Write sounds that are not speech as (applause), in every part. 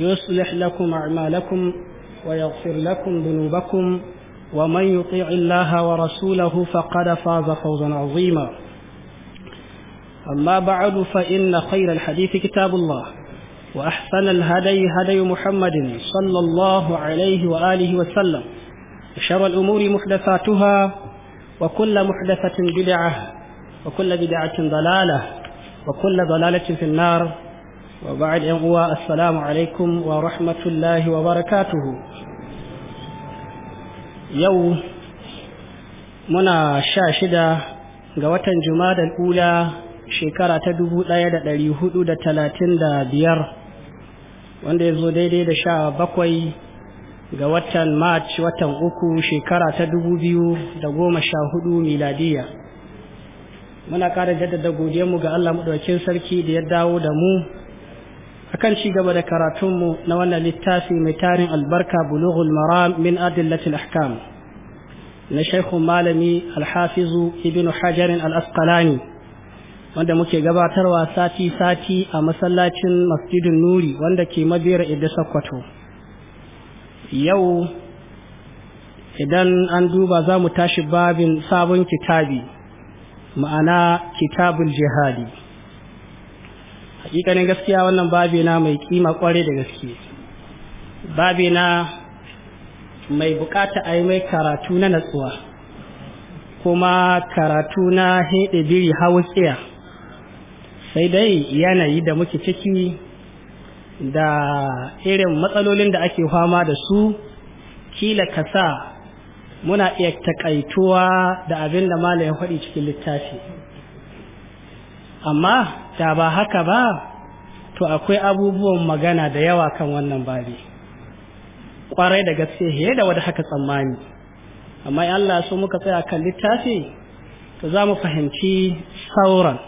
يصلح لكم أعمالكم ويغفر لكم ذنوبكم ومن يطيع الله ورسوله فقد فاز فوزا عظيما أما بعد فإن خير الحديث كتاب الله وأحسن الهدي هدي محمد صلى الله عليه وآله وسلم وشر الأمور محدثاتها وكل محدثة بدعة وكل بدعة ضلالة وكل ضلالة في النار wa ba'ad yan uwa assalamu alaikum wa rahmatullahi wa barakatuhu yau muna sha shida ga watan juma'a ula shekara ta dubu ɗaya da ɗari hudu da talatin da biyar wanda ya zo daidai da sha bakwai ga watan march watan uku shekara ta dubu biyu da goma sha hudu miladiya muna ƙara jaddada godiyarmu ga allah maɗaukin sarki da ya dawo da mu akan ci gaba da karatunmu na wannan littafi mai tarin albarka bulughul maram min adillatil ahkam na shaikhu malami alhafizu ibn hajarin al-asqalani wanda muke gabatarwa sati sati a masallacin masjidin nuri wanda ke mabera idda sakkwato yau idan an duba za mu tashi babin sabon kitabi ma'ana kitabul jihadi hakikanin gaskiya wannan babi na mai kima kware da gaske babi na mai bukata a yi mai karatu na natsuwa kuma karatu na hede biri tsaya sai dai yanayi da muke ciki da irin matsalolin da ake fama da su kila kasa muna iya takaituwa da abin da malayin faɗi cikin littafi amma da ba haka ba to akwai abubuwan magana da yawa kan wannan babi kwarai da gaske he da wadda haka tsammani amma in Allah so muka tsaya kan littafi to za mu fahimci sauran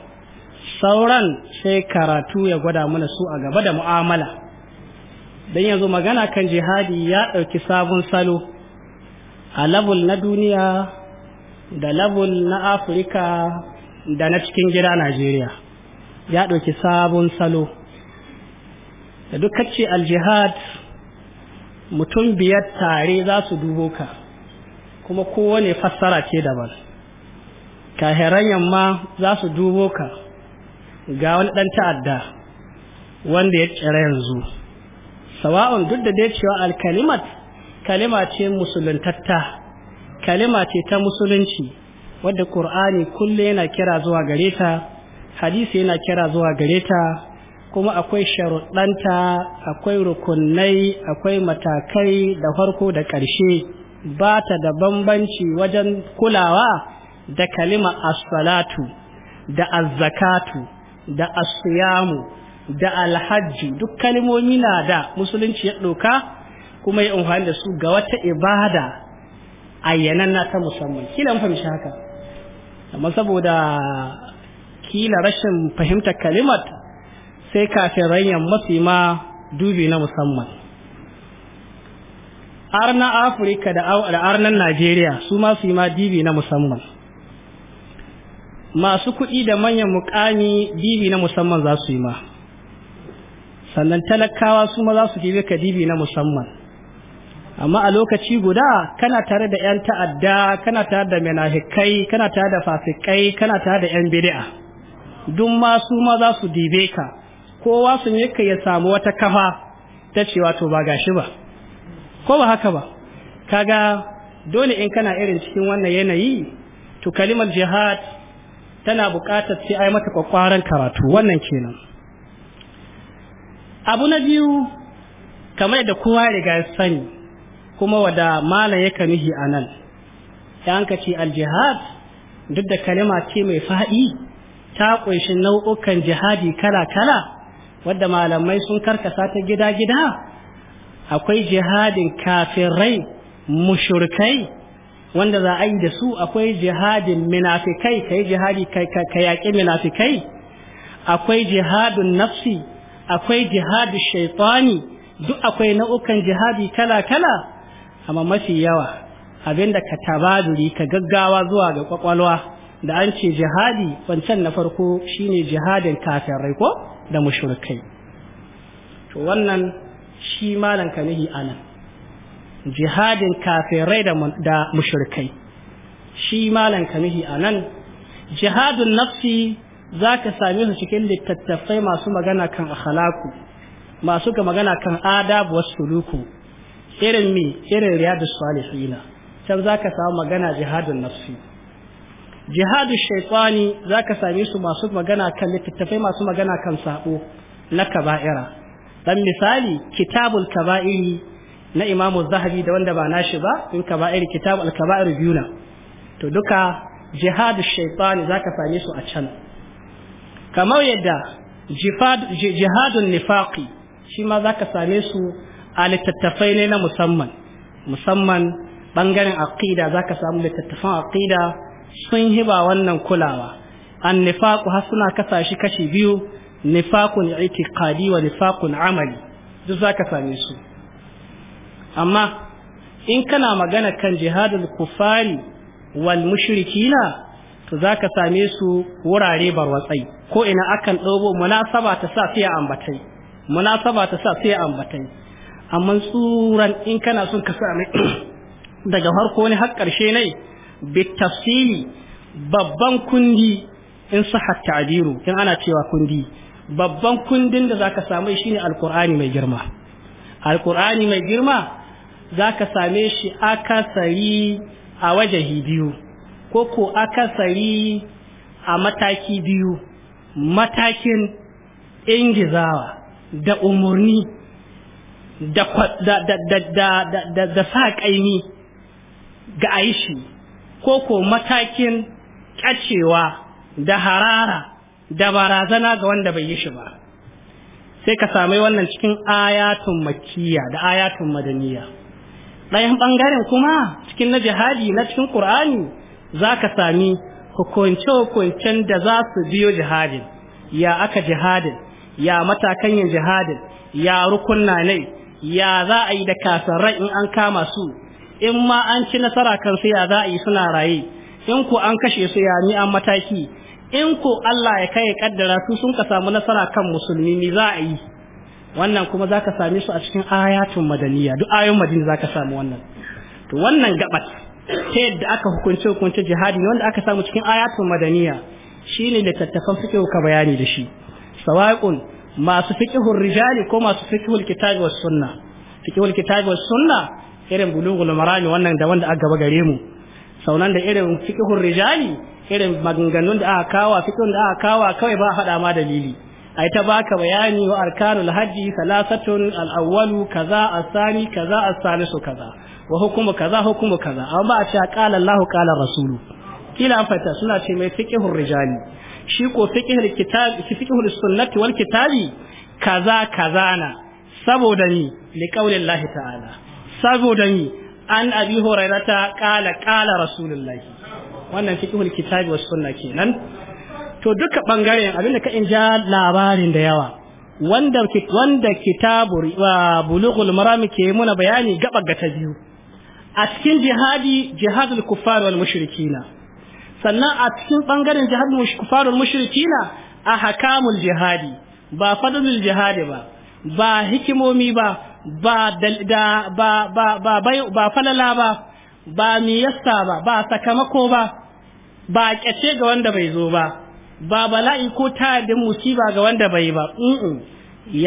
sauran sai karatu ya gwada mana su a gaba da mu'amala dan yanzu magana kan jihadi ya ɗauki sabon salo a labul na duniya da labul na afirka da na cikin gida Najeriya ya ɗauki sabon salo da duk aljihad mutum biyar tare za su dubo ka kuma kowane fassara ce daban kahiran yamma za su dubo ka ga wani ɗan ta'adda wanda ya tsira yanzu sawa'un duk da dai cewa alkalimat kalima ce musuluntatta kalima ce ta musulunci wadda Qur'ani kulle yana kira zuwa gare ta hadisi yana kira zuwa gare ta kuma akwai sharuɗanta akwai rukunai akwai matakai da farko da ƙarshe ba ta da bambanci wajen kulawa da kalima as-salatu da az-zakatu da as-siyamu da alhaji duk kalimomi na da musulunci ya ɗauka kuma ya amfani da su ga wata ibada ayyanan na ta musamman kila mun fahimci haka amma saboda kila rashin fahimtar kalimat sai kafin ranyar masu ma dubi na musamman arna afirka da arnan najeriya su masu ma dubi na musamman masu kuɗi da manyan mukami dibi na musamman za su yi ma sannan talakawa su ma za su ka dibi na musamman amma a lokaci guda kana tare da yan ta'adda kana tare da menahikai kana tare da fasikai kana tare da yan bid'a duk masu su ma za su dibe ka kowa su yi ka ya samu wata kafa ta cewa to ba gashi ba ko ba haka ba kaga dole in kana irin cikin wannan yanayi to kalimar jihad tana buƙatar sai ai mata kwakwaran karatu wannan kenan abu na biyu kamar da kowa ya riga ya sani kuma wada malam ya kamihi a nan an ka ce aljihad duk da kalima ce mai faɗi ta ƙunshi nau'ukan jihadi kala-kala wadda malamai sun karkasa ta gida-gida akwai jihadin kafirai mushurkai wanda za a yi da su akwai jihadin minafikai ka yi jihadi ka yaƙi minafikai akwai jihadin nafsi akwai jihadin shaifani duk akwai nau'ukan jihadi kala-kala amma mafi yawa abinda ka tabaduri ka gaggawa zuwa ga kwakwalwa da an ce jihadi wancan na farko shine jihadin kafirai ko da mushrikai to wannan shi malan kanihi anan jihadin kafirai da da mushrikai shi malan kanihi anan jihadun nafsi zaka same su cikin littattafai masu magana kan akhlaku masu ga magana kan adabu wasu suluku irin mi irin riyadu salihina can za ka samu magana jihadun nafsi jihadu shaitani za ka same su masu magana kan littattafai masu magana kan sabo na kaba'ira dan misali kitabul kaba'iri na imamu zahabi da wanda ba nashi ba in kaba'iri kitabul kaba'ir biyu na to duka jihadu shaitani za ka same su a can kamar yadda jihadun nifaqi shi ma za ka same su a littattafai ne na musamman musamman bangaren aqida ka samu littattafan aqida sun hiba wannan kulawa an nifaku har suna kasa shi kashi biyu nifakun i'tiqadi wa nifakun amali duk za ka same su amma in kana magana kan jihadul kufari wal mushrikina to za ka same su wurare barwatsai ko ina akan ɗobo munasaba ta sa sai ambatai munasaba ta sa sai ambatai amma tsuran in kana son ka sami (clears throat) daga farko ne har ƙarshe ne bi tafsili babban kundi in sahha ta'biru in ana cewa kundi babban kundin da zaka same shi ne alqur'ani mai girma alqur'ani mai girma zaka same shi akasari a wajahi biyu ko ko akasari a mataki biyu matakin ingizawa da umarni da da da da da da sa kaimi ga aishi ko ko matakin kacewa da harara da barazana ga wanda bai yi shi ba sai ka sami wannan cikin ayatun makkiya da ayatun madaniya ɗayan ɓangaren kuma cikin na jihadi na cikin ƙur'ani za ka sami hukunce-hukuncen da za su biyo jihadin ya aka jihadin ya matakan yin jihadin ya rukunna ya za a yi da kasarai in an kama su in ma an ci nasara kan su ya za a yi suna raye in ko an kashe su ya ni an mataki in ko Allah ya kai kaddara su sun ka samu nasara kan musulmi ni za a yi wannan kuma ka same su a cikin ayatun madaniya duk ayoyin madina ka samu wannan to wannan gabat ta yadda aka hukunce hukunce jihadi wanda aka samu cikin ayatun madaniya shine littattafan fiqh ka bayani da shi sawa'iqun masu fiqhul rijali ko masu fiqhul kitabi was sunna fiqhul kitabi was sunna irin bulughul marami wannan da wanda aka gaba gare mu saunan da irin fiqhul rijali irin maganganun da aka kawa fiqhun da aka kawa kawai ba faɗa ma dalili ai ta baka bayani wa arkanul hajji salasatun al-awwalu kaza asani sani kaza as-salisu kaza wa hukumu kaza hukumu kaza amma ba a ce qala Allahu qala rasulu kila fata suna ce mai fiqhul rijali shi ko fiqhul kitab fiqhul sunnati wal kitabi kaza kaza na saboda ni li qaulillahi ta'ala saboda ni an abi hurairata qala qala rasulullahi wannan fiqhul kitabi was sunna kenan to duka bangare abinda ka inja labarin da yawa wanda wanda kitabu wa bulughul marami ke muna bayani gaba ga ta biyu a cikin jihadi jihadul kuffar wal mushrikina sannan a cikin bangaren jihadin kufarul mushrikina a hakamul jihadi ba fadlul jihadi ba ba hikimomi ba ba da ba ba ba ba falala ba ba miyasta ba ba sakamako ba ba kyace ga wanda bai zo ba ba bala'i ko tayadin musiba ga wanda bai ba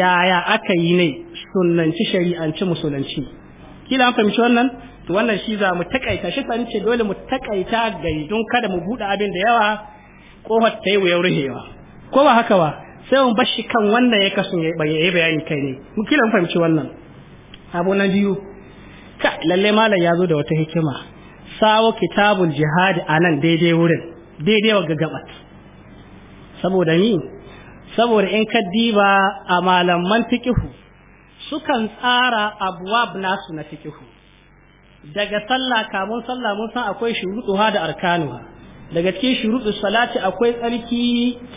yaya aka yi ne sunanci shari'anci musulunci kila an fahimci wannan to wannan shi za mu takaita shi sani ce dole mu takaita gari don kada mu buɗe abin da yawa kofar ta yi wuyar ruhewa ko ba haka ba sai mu bashi kan wannan ya kasu ya yi bayani kai ne mu kila mu fahimci wannan abu na biyu ka lalle malam ya zo da wata hikima sawo kitabul jihad a nan daidai wurin daidai wa gagabat saboda ni saboda in ka diba a malaman fikihu sukan tsara abwab nasu na fikihu daga sallah kamun sallah mun san akwai ha da arkanu daga cikin shuruɗu salati akwai tsarki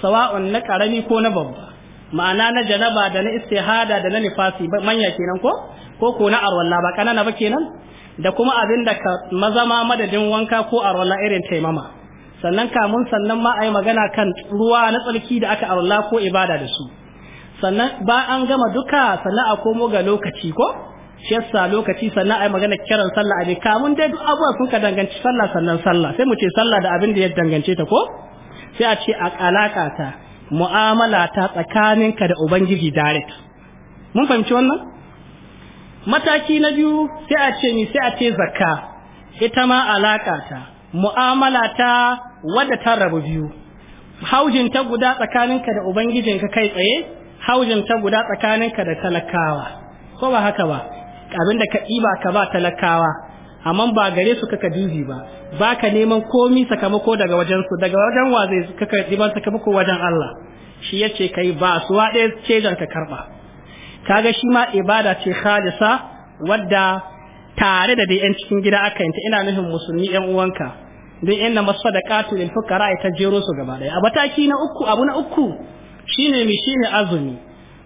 sawa'un na karami ko na babba ma'ana na janaba da na istihada da na nifasi manya kenan ko ko ko na arwalla ba kanana ba kenan da kuma abin da ka mazama madadin wanka ko arwalla irin taimama sannan kamun sannan ma a magana kan ruwa na tsarki da aka arwalla ko ibada da su sannan ba an gama duka sannan a komo ga lokaci ko shi yasa lokaci sannan ai magana kiran sallah a kamun dai duk abuwa sun ka danganci sallah sannan sallah sai mu ce sallah da abin da ya dangance ta ko sai a ce a alaka ta mu'amala ta tsakaninka da ubangiji direct mun fahimci wannan mataki na biyu sai a ce ni sai a ce zakka ita ma alaka ta mu'amala ta wadda ta rabu biyu haujin ta guda tsakaninka da ubangijinka kai tsaye haujin ta guda tsakaninka da talakawa ko ba haka ba abinda ka ɗiba ka ba talakawa amma ba gare su kaka dubi ba baka neman komi sakamako daga wajen su daga wajen wa zai kaka diban sakamako wajen Allah shi yace kai ba su wa ɗaya cejan ka karba kaga shi ma ibada ce khalisa wadda tare da dai yan cikin gida aka yanta ina nufin musulmi yan uwanka don inna masadaqatu lil fuqara ta jero su gaba ɗaya a mataki na uku abu na uku shine mi shine azumi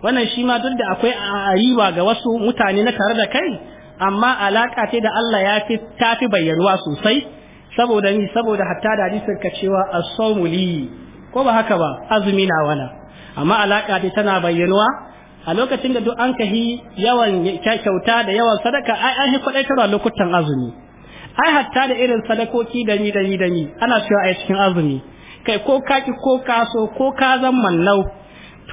wannan shi ma duk da akwai riba ga wasu mutane na tare da kai amma alaka ce da Allah ya fi ta fi bayyanuwa sosai saboda ni saboda hatta da hadisin ka cewa as-sawmu ko ba haka ba azumi na wana amma alaka ce tana bayyanuwa a lokacin da duk an kahi yawan kyauta da yawan sadaka ai an kwadaitarwa lokutan azumi ai hatta da irin sadakoki da ni da ni da ni ana cewa ai cikin azumi kai ko kaki ko kaso ko ka zan mallau.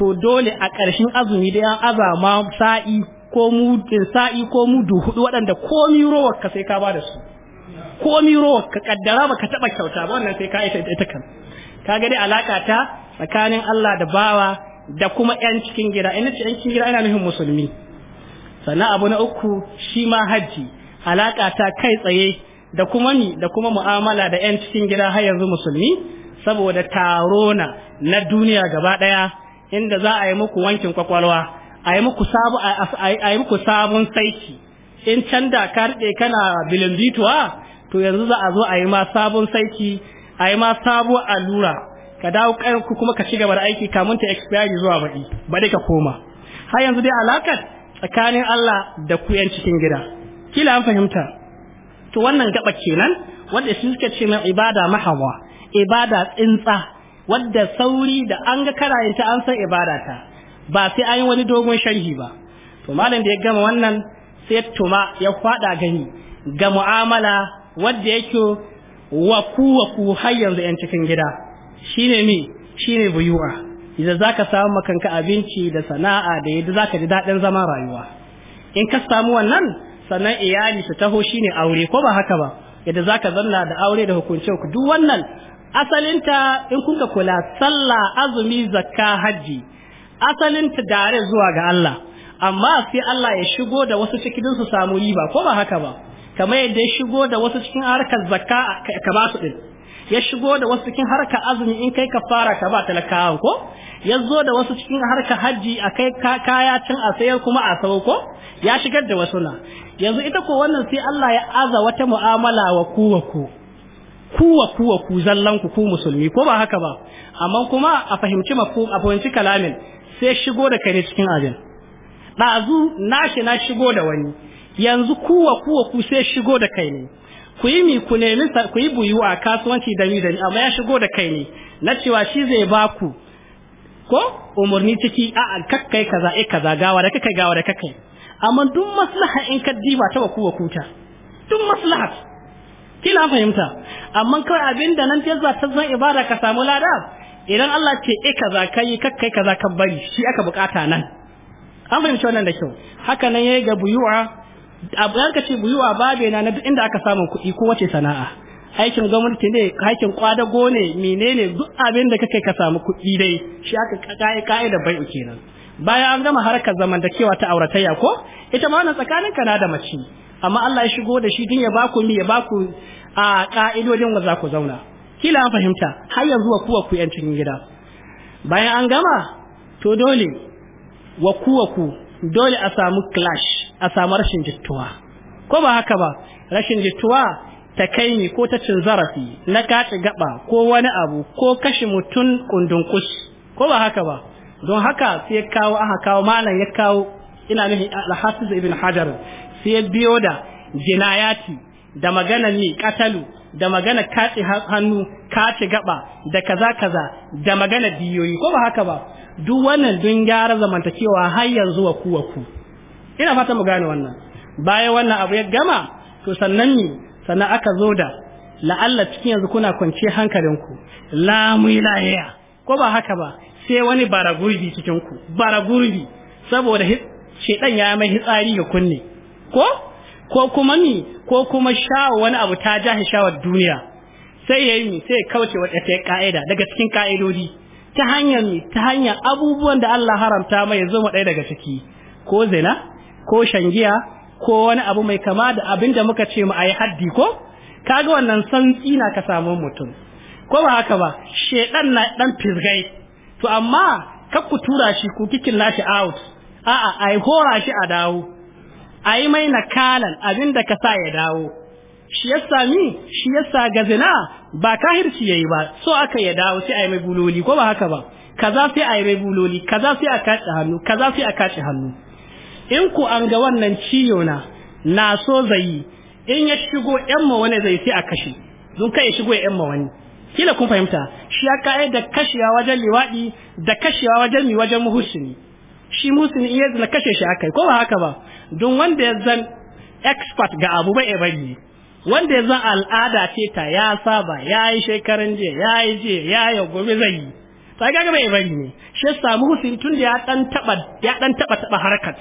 to dole a ƙarshen azumi da ya azama sa'i ko mu sa'i ko mudu hudu waɗanda komi rowar ka sai ka ba da su komi rowar ka kaddara baka taba kyauta ba wannan sai ka ita ita kan ka ga dai alaka ta tsakanin Allah da bawa da kuma ƴan cikin gida ina ce ƴan cikin gida ina nufin musulmi sannan abu na uku shi ma hajji alaka ta kai tsaye da kuma ni da kuma mu'amala da ƴan cikin gida har yanzu musulmi saboda tarona na duniya gaba ɗaya inda za a yi muku wankin kwakwalwa a yi muku sabu a yi muku sabon saiki in can da ka rike kana bilimbituwa to yanzu za a zo a yi ma sabon saiki a yi ma sabo allura ka dawo ku kuma ka cigaba da aiki kamun ta expiry zuwa baɗi ba dai ka koma har yanzu dai alakar tsakanin Allah da ku yan cikin gida kila an fahimta to wannan gaba kenan wanda shi suka ce mai ibada mahawa ibada tsintsa wadda sauri da an ga karayinta an san ibada ta ba sai an yi wani dogon sharhi ba to malam da ya gama wannan sai tuma ya faɗa gani ga mu'amala wadda yake wa ku har yanzu yan cikin gida shine ne shine buyuwa idan zaka samu makanka abinci da sana'a da yadda zaka ji dadin zama rayuwa in ka samu wannan sannan iyali su taho shine aure ko ba haka ba yadda zaka zanna da aure da hukunci ku duk wannan asalinta in kun kula sallah azumi zakka hajji asalinta dare zuwa ga Allah amma sai Allah ya shigo da wasu cikin su samu riba ko ba haka ba kamar yadda ya shigo da wasu cikin harkar zakka ka ba su din ya shigo da wasu cikin harkar azumi in kai kafara fara ka ba talakawa ko ya zo da wasu cikin harkar hajji a kai kaya tun a sayar kuma a sau ko ya shigar da wasu na yanzu ita ko wannan sai Allah ya aza wata mu'amala wa ku wa ku kuwa kuwa ku zallan ku ku musulmi ko ba haka ba amma kuma a fahimci mafhum a fahimci kalamin sai shigo da kare cikin abin ɗazu nashi na shigo da wani yanzu kuwa kuwa ku sai shigo da kai ne ku yi mi ku nemi ku yi buyu a kasuwanci da ni da ni amma ya shigo da kai ne na cewa shi zai ba ku ko umarni ciki a kakkai kaza e kaza gawa da kakai gawa da kakkai amma duk maslaha in ka diba ta ku wa kuta duk maslaha kila fahimta amma kawai abinda da nan tazza ta zan ibada ka samu lada idan Allah ce e kaza kai kakkai kaza ka bari shi aka bukata nan an fahimci wannan da kyau haka nan yayi ga buyuwa abu ka ce buyuwa babe na na duk inda aka samu kuɗi ko wace sana'a aikin gwamnati ne aikin kwadago ne menene duk abin da kake ka samu kuɗi dai shi aka kai kai da bai'u kenan bayan an gama harkar zamantakewa ta auratayya ko ita ma wannan tsakanin ka na da mace amma Allah ya shigo da shi din ya baku mi ya baku a ka'idodin wa za ku zauna kila an fahimta har yanzu wa kuwa ku yan cikin gida bayan an gama to dole wa kuwa ku dole a samu clash a samu rashin jittuwa ko ba haka ba rashin jittuwa ta kai ni ko ta cin zarafi na kaci gaba ko wani abu ko kashe mutum kundunkus ko ba haka ba don haka sai ya kawo aka kawo malam ya kawo ina nufin alhafiz ibn hajar sai biyo da jinayati da magana ni katalu da magana kace hannu kace gaba da kaza kaza da magana diyoyi ko ba haka ba duk wannan dun gyara zamantakewa har yanzu wa kuwa ku ina fata mu gane wannan baya wannan abu ya gama to sannan ni sannan aka zo da la'alla cikin yanzu kuna kwance hankalinku la muilaya ko ba haka ba sai wani bara gurbi cikin ku bara gurbi saboda shedan ya mai hitsari ga kunne ko ko kuma ni ko kuma Sha wani abu ta jahi shawar duniya sai ya yi mi sai ya kauce wa ta ka'ida daga cikin ka'idodi ta hanyar mi ta hanyar abubuwan da Allah haramta mai yanzu mu ɗaya daga ciki ko zina ko shangiya ko wani abu mai kama da abin da muka ce mu ayi haddi ko kaga wannan santsi na ka samu mutum ko ba haka ba shedan na dan fisgai to amma kakku tura shi ku kikin lashi out a'a ai hora shi a dawo a yi mai nakalan abin da ka sa ya dawo shi ya sami shi ya sa ga zina ba kahirci yi ba so aka ya dawo sai a yi mai buloli ko ba haka ba kaza sai a yi mai buloli kaza sai a kace hannu kaza sai a kace hannu in ku an ga wannan ciyo na na so zai in ya shigo yan ma wani zai sai a kashe don kai ya shigo yan ma wani kila kun fahimta shi ya kai da kashewa wajen liwadi da kashewa wajen mi wajen muhusini shi musulmi iya zina kashe shi akai ko ba haka ba don wanda ya zan expert ga abu bai bari wanda ya zan al'ada ce ta ya saba ya yi shekaran jiya ya yi je ya yi gobe zai yi ta ga bai bari ne shi samu husin tun da ya dan taba ya dan taba taba harkat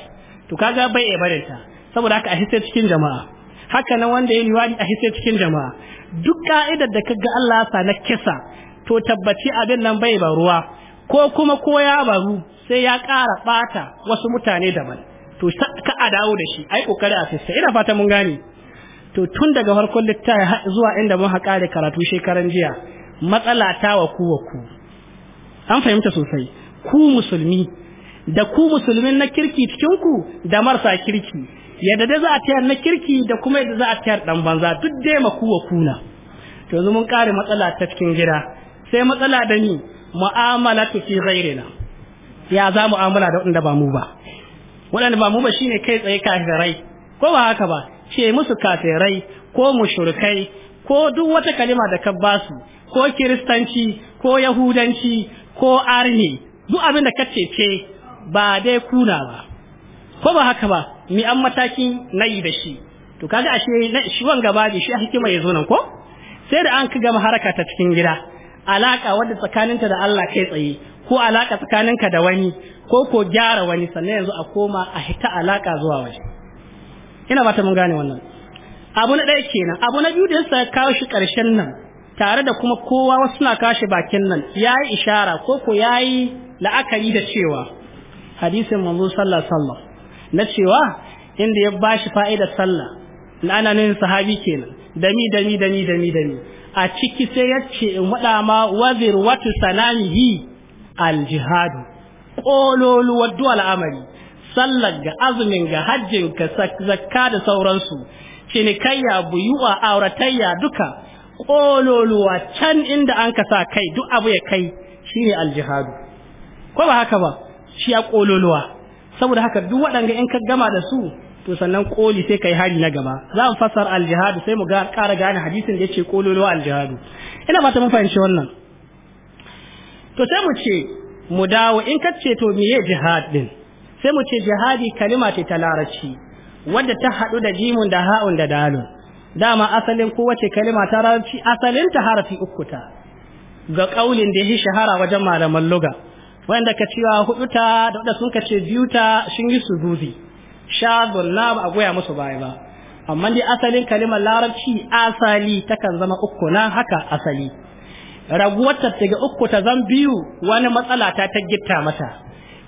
to kaga bai bari ta saboda haka a hisse cikin jama'a haka nan wanda ya yi liwadi a hisse cikin jama'a duk ka'idar da ka ga Allah sa na kisa to tabbaci abin nan bai ba ruwa ko kuma ko ya baru sai ya ƙara ɓata wasu mutane daban to ka a dawo da shi ai kokari a fissa ina fata mun gane to tun daga farkon littafi zuwa inda mun haƙa da karatu shekaran jiya matsala ta wa ku wa ku an fahimta sosai ku musulmi da ku musulmin na kirki cikin ku da marasa kirki yadda da za a tayar na kirki da kuma yadda za a tayar dan banza duk dai ma ku wa na? to yanzu mun kare matsala ta cikin gida sai matsala da ni mu'amala ta fi ghairina ya za mu'amala da wanda ba mu ba waɗanda ba mu ba shine kai tsaye kafirai ko ba haka ba ce musu kafirai ko mushrikai ko duk wata kalima da ka basu ko kiristanci ko yahudanci ko arni duk abin da ka ce ba dai kuna ba ko ba haka ba mi an mataki nayi da shi to kaga ashe na shi gaba babi shi hikima yazo nan ko sai da an kiga gama haraka ta cikin gida alaka wadda tsakaninta da Allah kai tsaye ko alaka tsakaninka da wani ko ko gyara wani sannan yanzu a koma a hita alaka zuwa waje ina ba ta mun gane wannan abu na ɗaya kenan abu na biyu da yasa kawo shi ƙarshen nan tare da kuma kowa wasu suna kashi bakin nan yayi ishara ko ko yayi la'akari da cewa hadisin manzo sallallahu alaihi na cewa inda ya bashi fa'idar sallah ana ananin sahabi kenan dami dami dami dami dami a ciki sai ya ce in waɗa ma wazir watu sanamihi aljihadu ƙololuwar duk al'amari sallar ga azumin ga hajjin ka zakka da sauransu cinikayya buyuwa auratayya duka ƙololuwa can inda an ka sa kai duk abu ya kai ne aljihadu ko ba haka ba shi ya ƙololuwa saboda haka duk waɗanda in ka gama da su to sannan koli sai kai hari na gaba za mu fassara aljihadu sai mu ƙara gane hadisin da ce ƙololuwa aljihadu ina ba ta mun fahimci wannan to sai mu ce mu dawo in ka ce to miye jihad din sai mu ce jihadi kalima ce ta larabci wadda ta hadu da jimun da ha'un da dalun dama asalin kowace kalima ta larabci asalin ta harafi uku ta ga kaulin da ya shahara wajen malaman luga wanda ka cewa hudu ta da wadda sun ka ce biyu ta sun yi suduzi sha na ba a goya musu baya ba amma dai asalin kalimar larabci asali takan zama uku na haka asali raguwarta ta daga uku ta zan biyu wani matsala ta ta gitta mata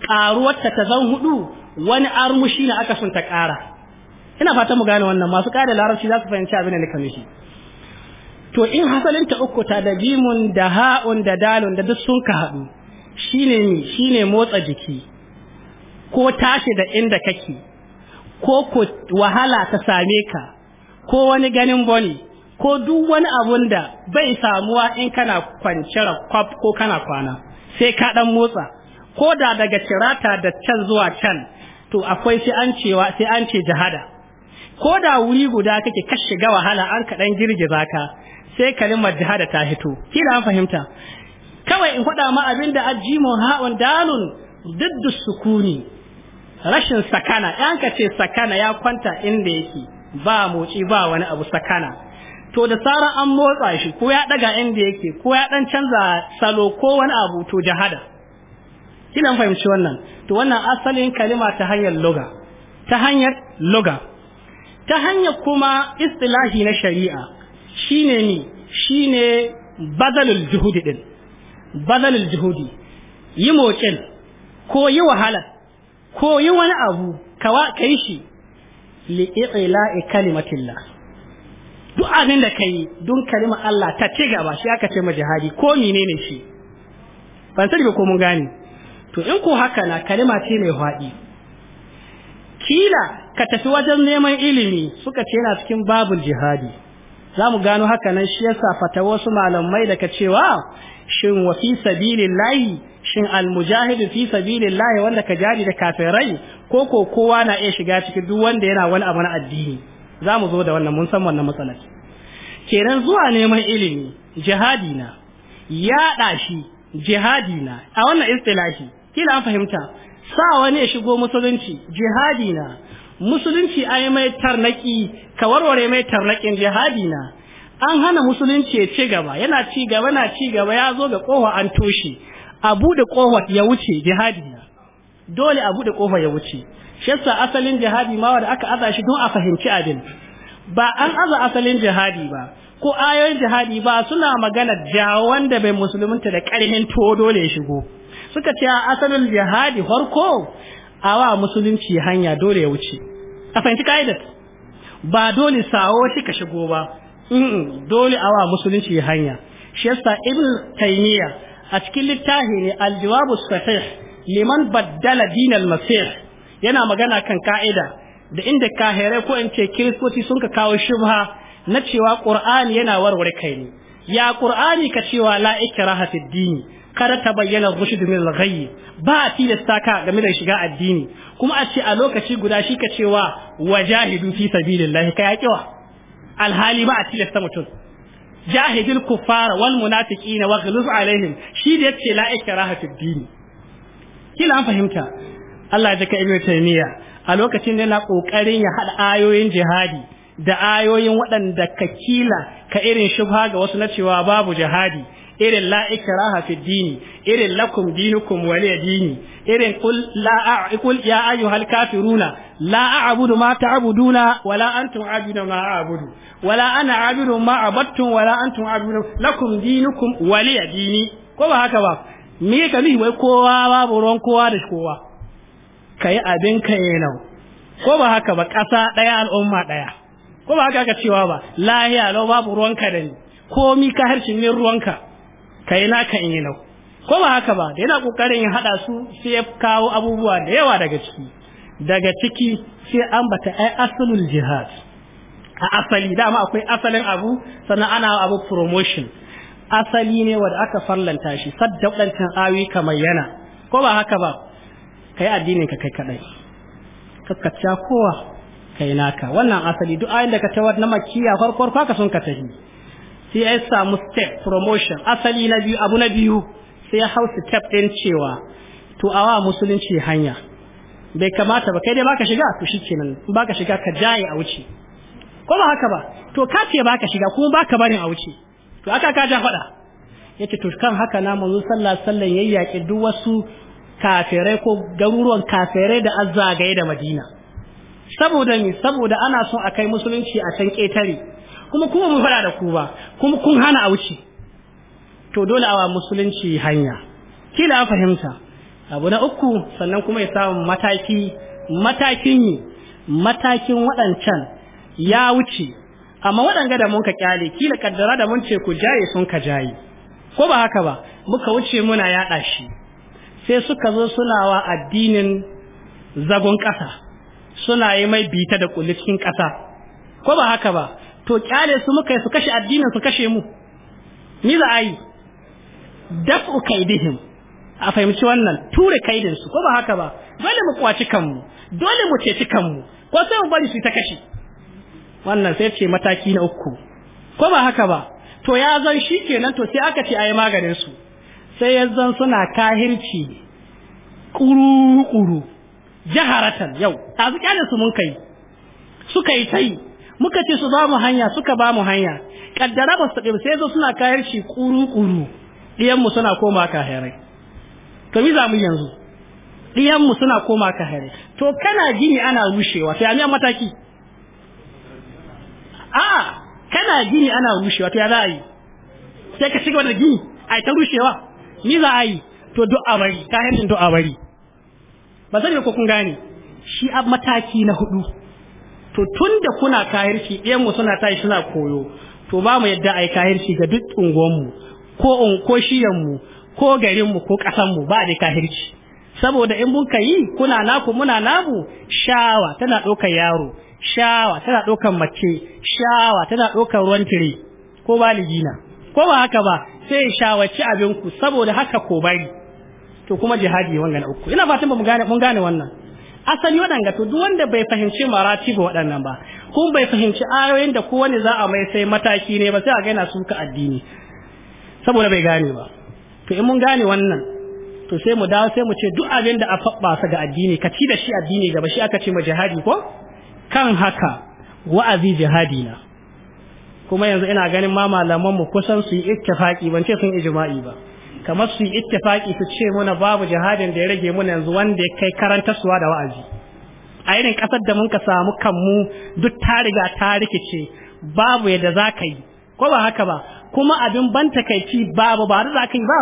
ƙaruwarta ta zan hudu wani armushi na aka sunta ta ƙara ina fata mu gane wannan masu ƙara larabci za su fahimci abin da nika mishi to in hasalin ta uku ta da jimun da ha'un da dalun da duk sun ka haɗu shine ni shine motsa jiki ko tashi da inda kake ko ko wahala ta same ka ko wani ganin boni ko duk wani abun da bai samuwa in kana kwanciyar kwaf ko kana kwana sai ka dan motsa ko da daga cirata da can zuwa can to akwai sai an cewa sai an ce jihada ko da wuri guda kake ka shiga wahala an ka dan girgiza ka sai kalimar jihada ta hito kila an fahimta kawai in faɗa ma abin da ajimun ha'un dalun diddu sukuni rashin sakana yan ka ce sakana ya kwanta inda yake ba motsi ba wani abu sakana to da tsara an motsa shi ko ya daga inda yake ko ya dan canza salo ko wani abu to jahada kina fahimci wannan to wannan asalin kalima ta hanyar loga ta hanyar loga ta hanyar kuma istilahi na shari'a shine ni shine badalul juhudi din badalul juhudi yi motsin ko yi wahala ko yi wani abu kawa kai shi li kalimatillah duk abin da ka yi don kalima Allah ta ci gaba shi aka ce ma jihadi ko menene shi ban sani ba ko mun gane to in ko haka na kalima ce mai fadi. kila ka tafi wajen neman ilimi suka ce yana cikin babul jihadi za mu gano haka nan shi yasa fata wasu malamai daga cewa shin wa fi sabilillahi shin almujahidu fi sabilillahi wanda ka jari da kafirai ko ko kowa na iya shiga cikin duk wanda yana wani abu na addini za mu zo da wannan mun san wannan matsalar kenan zuwa neman ilimi jihadi na yaɗa shi jihadi na a wannan istilahi kila an fahimta sa wani ya shigo musulunci jihadi na musulunci yi mai tarnaki ka warware mai tarnakin jihadi na an hana musulunci ya ci gaba yana ci gaba yana ci gaba ya zo ga kowa an toshe a da kowa ya wuce jihadi na dole a bude kofa ya wuce shi asalin jihadi ma wanda aka aza shi don a fahimci abin ba an aza asalin jihadi ba ko ayoyin jihadi ba suna magana jawo wanda bai musulunta da karhin to dole ya shigo suka ce asalin jihadi farko awa musulunci hanya dole ya wuce a fahimci ka'idar ba dole sawo shi ka shigo ba dole awa musulunci hanya shi yasa ibn taymiya a cikin littafi ne aljawabu sahih liman baddala dinal masih yana magana kan ka'ida da inda harai ko in ce kiristoci sun ka kawo shubha na cewa qur'ani yana warware kai ne ya qur'ani ka cewa la ikraha fid dini kada ta bayyana rushd min al ba tilasta ka game da shiga addini kuma a ce a lokaci guda shi ka cewa wajahidu fi sabilillah ka yaƙiwa alhali ba a tilasta mutum jahidil kuffara wal munafiqina wa alaihim shi da yace la ikraha fid kila an fahimta Allah ya ka ibnu taymiya a lokacin da yana kokarin ya hada ayoyin jihadi da ayoyin waɗanda ka kila ka irin shubha ga wasu na cewa babu jihadi irin la ikraha fi dini irin lakum dinukum waliya dini irin kul la aqul ya ayyuhal kafiruna la a'budu ma ta'buduna wala antum a'buduna ma a'budu wala ana a'budu ma abattum wala antum a'buduna lakum dinukum waliya dini ko ba haka ba me ka ni wai kowa babu ruwan kowa da kowa kai abin ka yana ko ba haka ba ƙasa ɗaya al'umma ɗaya ko ba haka ka cewa ba lahiya lau babu ruwanka da ni mi ka harshen yin ruwanka kai naka in yi ko ba haka ba da yana kokarin ya haɗa su sai ya kawo abubuwa da yawa daga ciki daga ciki sai an bata ai asalul jihad a asali dama akwai asalin abu sannan ana abu promotion asali ne wanda aka farlanta shi saddaɗancan awi kamar yana ko ba haka ba kai addinin ka kai kadai kakkaciya kowa kai naka wannan asali duk ayin da ka tawar na makiya farko farko sun ka tafi. sai ya samu step promotion asali na biyu abu na biyu sai ya hau step ɗin cewa to awa musulunci hanya bai kamata ba kai dai baka shiga to shikenan baka shiga ka jaye a wuce ko ba haka ba to ka ce baka shiga kuma baka barin a wuce to aka ka ja faɗa yace to kan haka na manzo sallallahu alaihi wasallam yayyaki duk wasu kafirai ko garuruwan kafirai da azzagaye da Madina saboda ni saboda ana son a kai musulunci a can ketare kuma kuma mu fara da ku ba kuma kun hana a wuce to dole awa musulunci hanya kila fahimta abu na uku sannan kuma ya samu mataki matakin yi matakin waɗancan ya wuce amma waɗanga da mun ka kyale kila kaddara da mun ce ku jaye sun ka jaye ko ba haka ba muka wuce muna yaɗa shi sai suka zo suna wa addinin zagon ƙasa suna yi mai bita da kulli cikin ƙasa ko ba haka ba to kyale su muka su kashe addinin su kashe mu ni za a yi daf'u kaidihim a fahimci wannan ture kaidinsu, ko ba haka ba dole mu kwaci kanmu dole mu ceci kanmu ko sai mu bari su ta kashe wannan sai ce mataki na uku ko ba haka ba to ya zan shi kenan to sai aka ce ayi maganin su sai ya zan suna kahirci kuru-kuru jaharatan yau a da su mun kai suka yi ta yi muka ce su ba mu hanya suka ba mu hanya kaddara ba su sai zo suna kahirci kuru-kuru ɗiyanmu suna koma kahirai to mi za mu yanzu ɗiyanmu suna koma kahirai to kana gini ana rushewa sai a mataki a kana gini ana rushewa to ya za a yi sai ka shiga da gini a ta rushewa ni za a yi to do a bari ta hanyar do a bari ba zai yi kun gane shi a mataki na hudu to tun da kuna kahirci ɗayanmu suna tashi suna koyo to ba mu yadda a yi kahirci ga duk unguwanmu ko ko shiyanmu ko garinmu ko ƙasanmu ba da kahirci saboda in mun yi kuna naku muna namu shawa tana ɗaukar yaro shawa tana ɗaukar mace shawa tana ɗaukar ruwan tire ko baligi na ko ba haka ba sai shawarci abin ku saboda haka ko bari to kuma jihadi wanga na uku ina fatan ba mu gane mun gane wannan asali waɗanga to duk wanda bai fahimci marati ba waɗannan ba kun bai fahimci ayoyin da kowane za a mai sai mataki ne ba sai a gaina suka addini saboda bai gane ba to in mun gane wannan to sai mu dawo sai mu ce duk abin da a faɓɓasa ga addini ka ci da shi addini gaba shi aka ce ma jihadi ko kan haka wa'azi jihadi na kuma yanzu ina ganin ma malaman mu kusan su yi ittifaqi ban ce sun ijma'i ba kamar su yi ittifaqi su ce muna babu jihadin da ya rage muna yanzu wanda ya kai karantarsuwa da wa'azi a irin kasar da mun ka samu kanmu duk ta riga ta rikice babu yadda za ka yi ko ba haka ba kuma abin ban takaici babu ba da za ka yi ba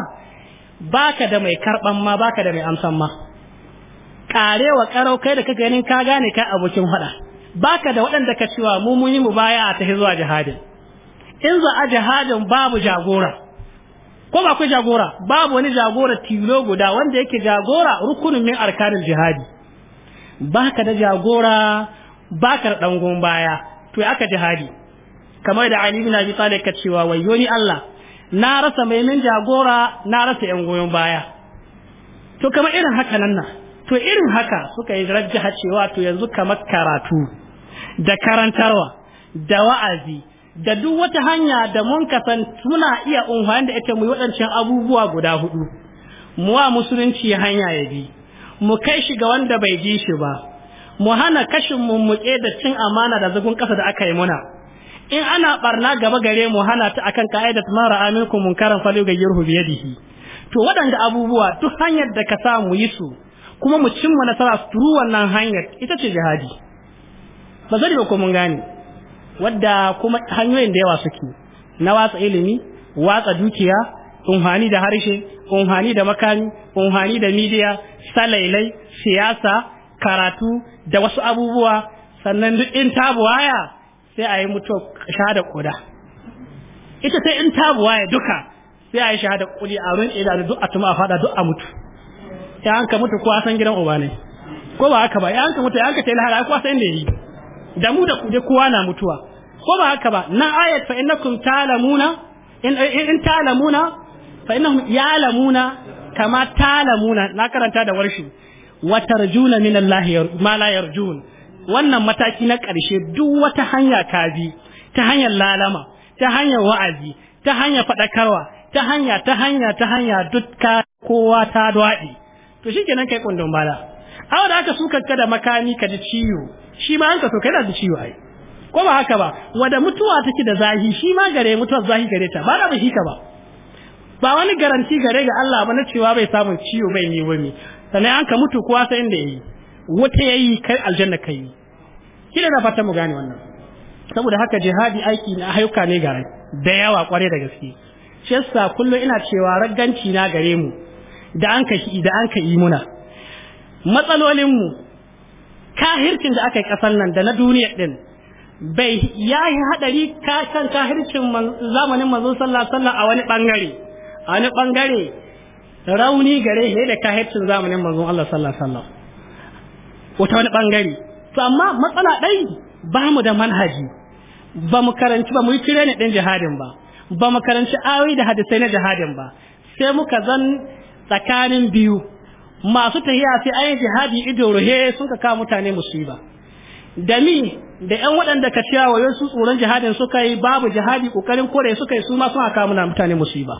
baka da mai karban ma baka da mai amsan ma karewa karau kai da ka ganin ka gane kai abokin haɗa. baka da waɗanda ka cewa mu mun yi mubaya ta zuwa jihadin in za a jihadin babu jagora ko ba ku jagora babu wani jagora tilo guda wanda yake jagora rukunin min arkanin jihadi baka da jagora baka da dangon baya to aka jihadi kamar da Ali ibn Abi Talib ka cewa Allah na rasa mai min jagora na rasa yan goyon baya to kamar irin haka nan nan to irin haka suka yi rajjaha cewa to yanzu kamar karatu da karantarwa da wa'azi da duk wata hanya da mun kasan suna iya unhwani da ita mu yi waɗancan abubuwa guda hudu mu wa musulunci hanya ya bi mu kai shi ga wanda bai ji shi ba mu hana kashin mummuke da cin amana da zagun ƙasa da aka yi muna in ana barna gaba gare mu hana ta akan ka'idat mara aminku munkaran falu ga yirhu biyadihi to waɗanda abubuwa duk hanyar da ka samu yi su kuma mu cin cimma nasara turu wannan hanyar ita ce jihadi ba zai ba ko mun gane wadda kuma hanyoyin da yawa suke na watsa ilimi watsa dukiya unhani da harshe unhani da makami unhani da midiya salailai siyasa karatu da wasu abubuwa sannan duk in tabuwaya sai a yi mutuwa shahada koda ita sai in tabuwaya duka sai a yi shahada kuli a ruwan idanu duk a tuma a fada duk a mutu ya an mutu ko san gidan uba ne ko ba haka ba ya an mutu ya an ta tayi lahara ko san inda yi da mu da ku da kowa na mutuwa ko ba haka ba na ayat fa innakum ta'lamuna in in ta'lamuna fa innahum ya'lamuna kama ta'lamuna na karanta da warshi wa tarjuna min Allah ma la yarjun wannan mataki na karshe duk wata hanya bi ta hanyar lalama ta hanyar wa'azi ta hanyar fadakarwa, ta hanya ta hanya ta hanya duk kowa ta dwaɗi to shi kenan kai kundin bala awa da aka suka kada makami ka ji ciwo shi ma an ka so kai da ciwo ai ko ba haka ba wanda mutuwa take da zahi shi ma gare mutuwar zahi gare ta ba da shi ka ba ba wani garanti gare ga Allah ba na cewa bai samu ciwo bai ne wani sannan an ka mutu kowa sai inda yayi wata yayi kai aljanna kai kina da fata mu gane wannan saboda haka jihadi aiki na ayyuka ne gare da yawa kware da gaske shi yasa kullum ina cewa ragganci na gare mu da an ka da an ka yi muna matsalolin mu kahircin da aka yi kasar nan da na duniya din bai yi hadari ka kan kahircin zamanin manzon sallallahu alaihi wasallam a wani bangare a wani bangare rauni gare ne da kahircin zamanin manzon Allah sallallahu alaihi wasallam wata wani bangare to amma matsala dai ba mu da manhaji ba mu karanci ba mu yi kire ne din jihadin ba ba mu karanci ayoyi da hadisai na jihadin ba sai muka zan tsakanin biyu masu tahiya sai ayin jihadi ido ruhe suka ka kawo mutane musiba da ni da yan waɗanda ka ciya wayo su tsoron jihadin suka yi babu jihadi kokarin kore suka yi su ma sun kawo muna mutane musiba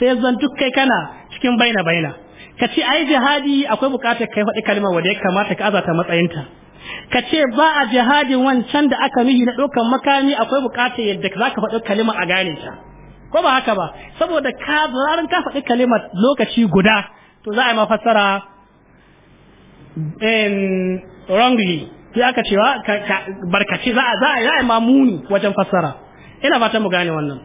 sai zan duk kai kana cikin baina baina ka ce ai jihadi akwai bukatar kai faɗi kalmar wanda ya kamata ka azata matsayinta ka ce ba a jihadin wancan da aka mihi na ɗaukar makami akwai bukatar yadda za ka faɗi kalma a gane ta ko ba haka ba saboda ka zararin ka faɗi kalimar lokaci guda to za a yi ma fassara in wrongly sai aka cewa barkaci za a za a yi ma muni wajen fassara ina fatan mu gane wannan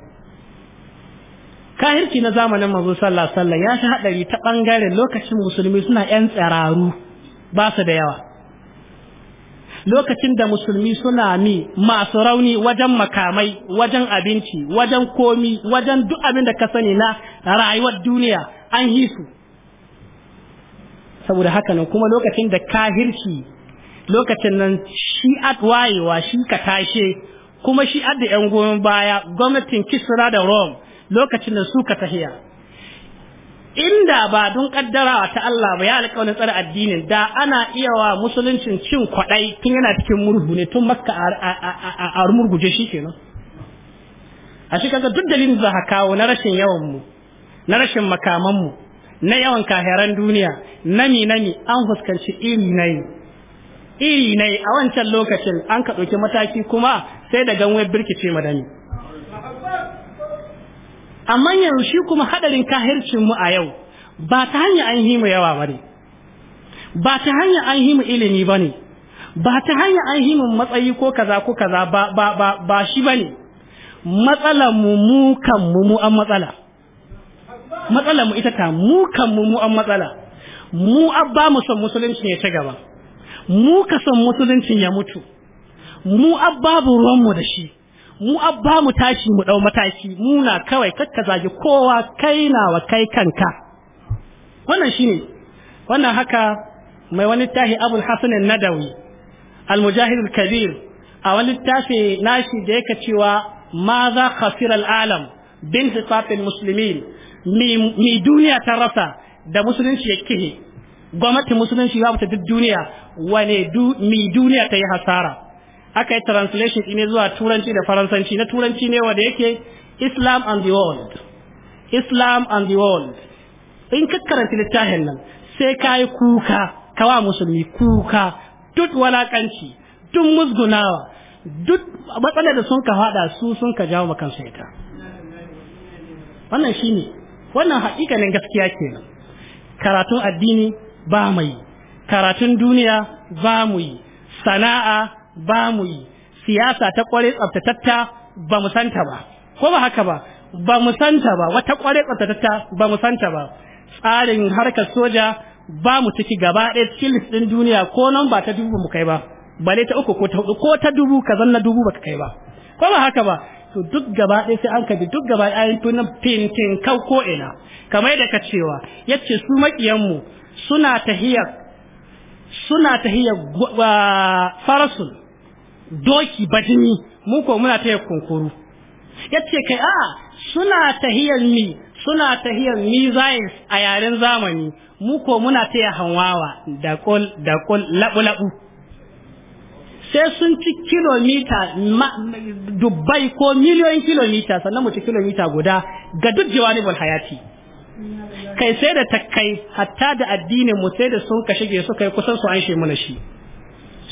kahirci na zamanin manzo sallallahu alaihi wasallam ya shi hadari ta bangaren lokacin musulmi suna yan tsararu ba su da yawa lokacin da musulmi suna mi masu rauni wajen makamai wajen abinci wajen komi wajen duk abin da ka sani na rayuwar duniya an yi su saboda haka nan kuma lokacin da kahirci lokacin nan shi wayewa shi ka tashe kuma shi da yan goyon baya gwamnatin kisra da rome lokacin da ka tahiya inda ba don kaddarawa ta Allah ba ya alƙawarin tsara addinin da ana iya wa musuluncin cin kwaɗai tun yana cikin murhu ne tun makka a murguje shi kenan a shi kaga duk dalilin za kawo na rashin yawanmu na rashin makamanmu na yawan kaheran duniya nami nami an fuskanci iri yi, iri yi a wancan lokacin an ka mataki kuma sai da ganwe birkice madani amma yanzu shi kuma hadarin kahircin mu a yau ba ta hanya an yi mu yawa bane ba ta hanya an yi mu ilimi bane ba ta hanya an yi mu matsayi ko kaza ko kaza ba ba ba, ba shi bane matsalar mu mu kan mu mu an matsala matsalar mu ita ta mu kan mu mu an matsala mu abba mu son musulunci ya ci gaba mu ka son musuluncin ya mutu mu abba ruwan mu da shi mu abba mu tashi mu dau mataki muna kawai kakka zagi kowa kai na wa kai kanka wannan shine wannan haka mai wani tahi abul hasan nadawi al mujahid al kabir a wani tafi nashi da yake cewa ma za khasir al alam bin hisab al muslimin mi duniya ta rasa da musulunci ya kihe gwamnati musulunci ba ta duk duniya wane mi duniya ta yi hasara aka yi translation ne zuwa turanci da faransanci na turanci ne wanda yake Islam and the world Islam and the world in ka karanta littafin nan sai ka kuka kawa musulmi kuka duk walakanci duk musgunawa duk matsalar da sun ka hada su sun ka jawo makansu ita wannan shine wannan hakikanin gaskiya ke nan. karatun addini ba mai karatun duniya ba mu yi sana'a ba mu yi siyasa ta kware tsaftatatta ba mu santa ba ko ba haka ba ba mu santa ba wata kware tsaftatatta ba mu santa ba tsarin harkar soja ba mu ciki gaba ɗaya cikin listin duniya ko nan ba ta dubu ba mu kai ba bale ta uku ko ta hudu ko ta dubu ka zanna dubu ba ka kai ba ko ba haka ba to duk gaba ɗaya sai an ka bi duk gaba ɗaya ayin tunan fintin kau ko ina kamar yadda ka cewa yace su maƙiyanmu suna tahiyar suna tahiyar farasul doki bajini mu ko muna taya kunkuru yace kai a suna tahiyar mi suna tahiyar mizayis a yaren zamani mu ko muna taya hanwawa da kol da kol labu labu sai sun ci kilomita dubbai ko miliyoyin kilomita sannan mu ci kilomita guda ga duk jawanibul hayati kai sai da takai hatta da addinin mu sai da sun kashe su kai kusan su an shi mana shi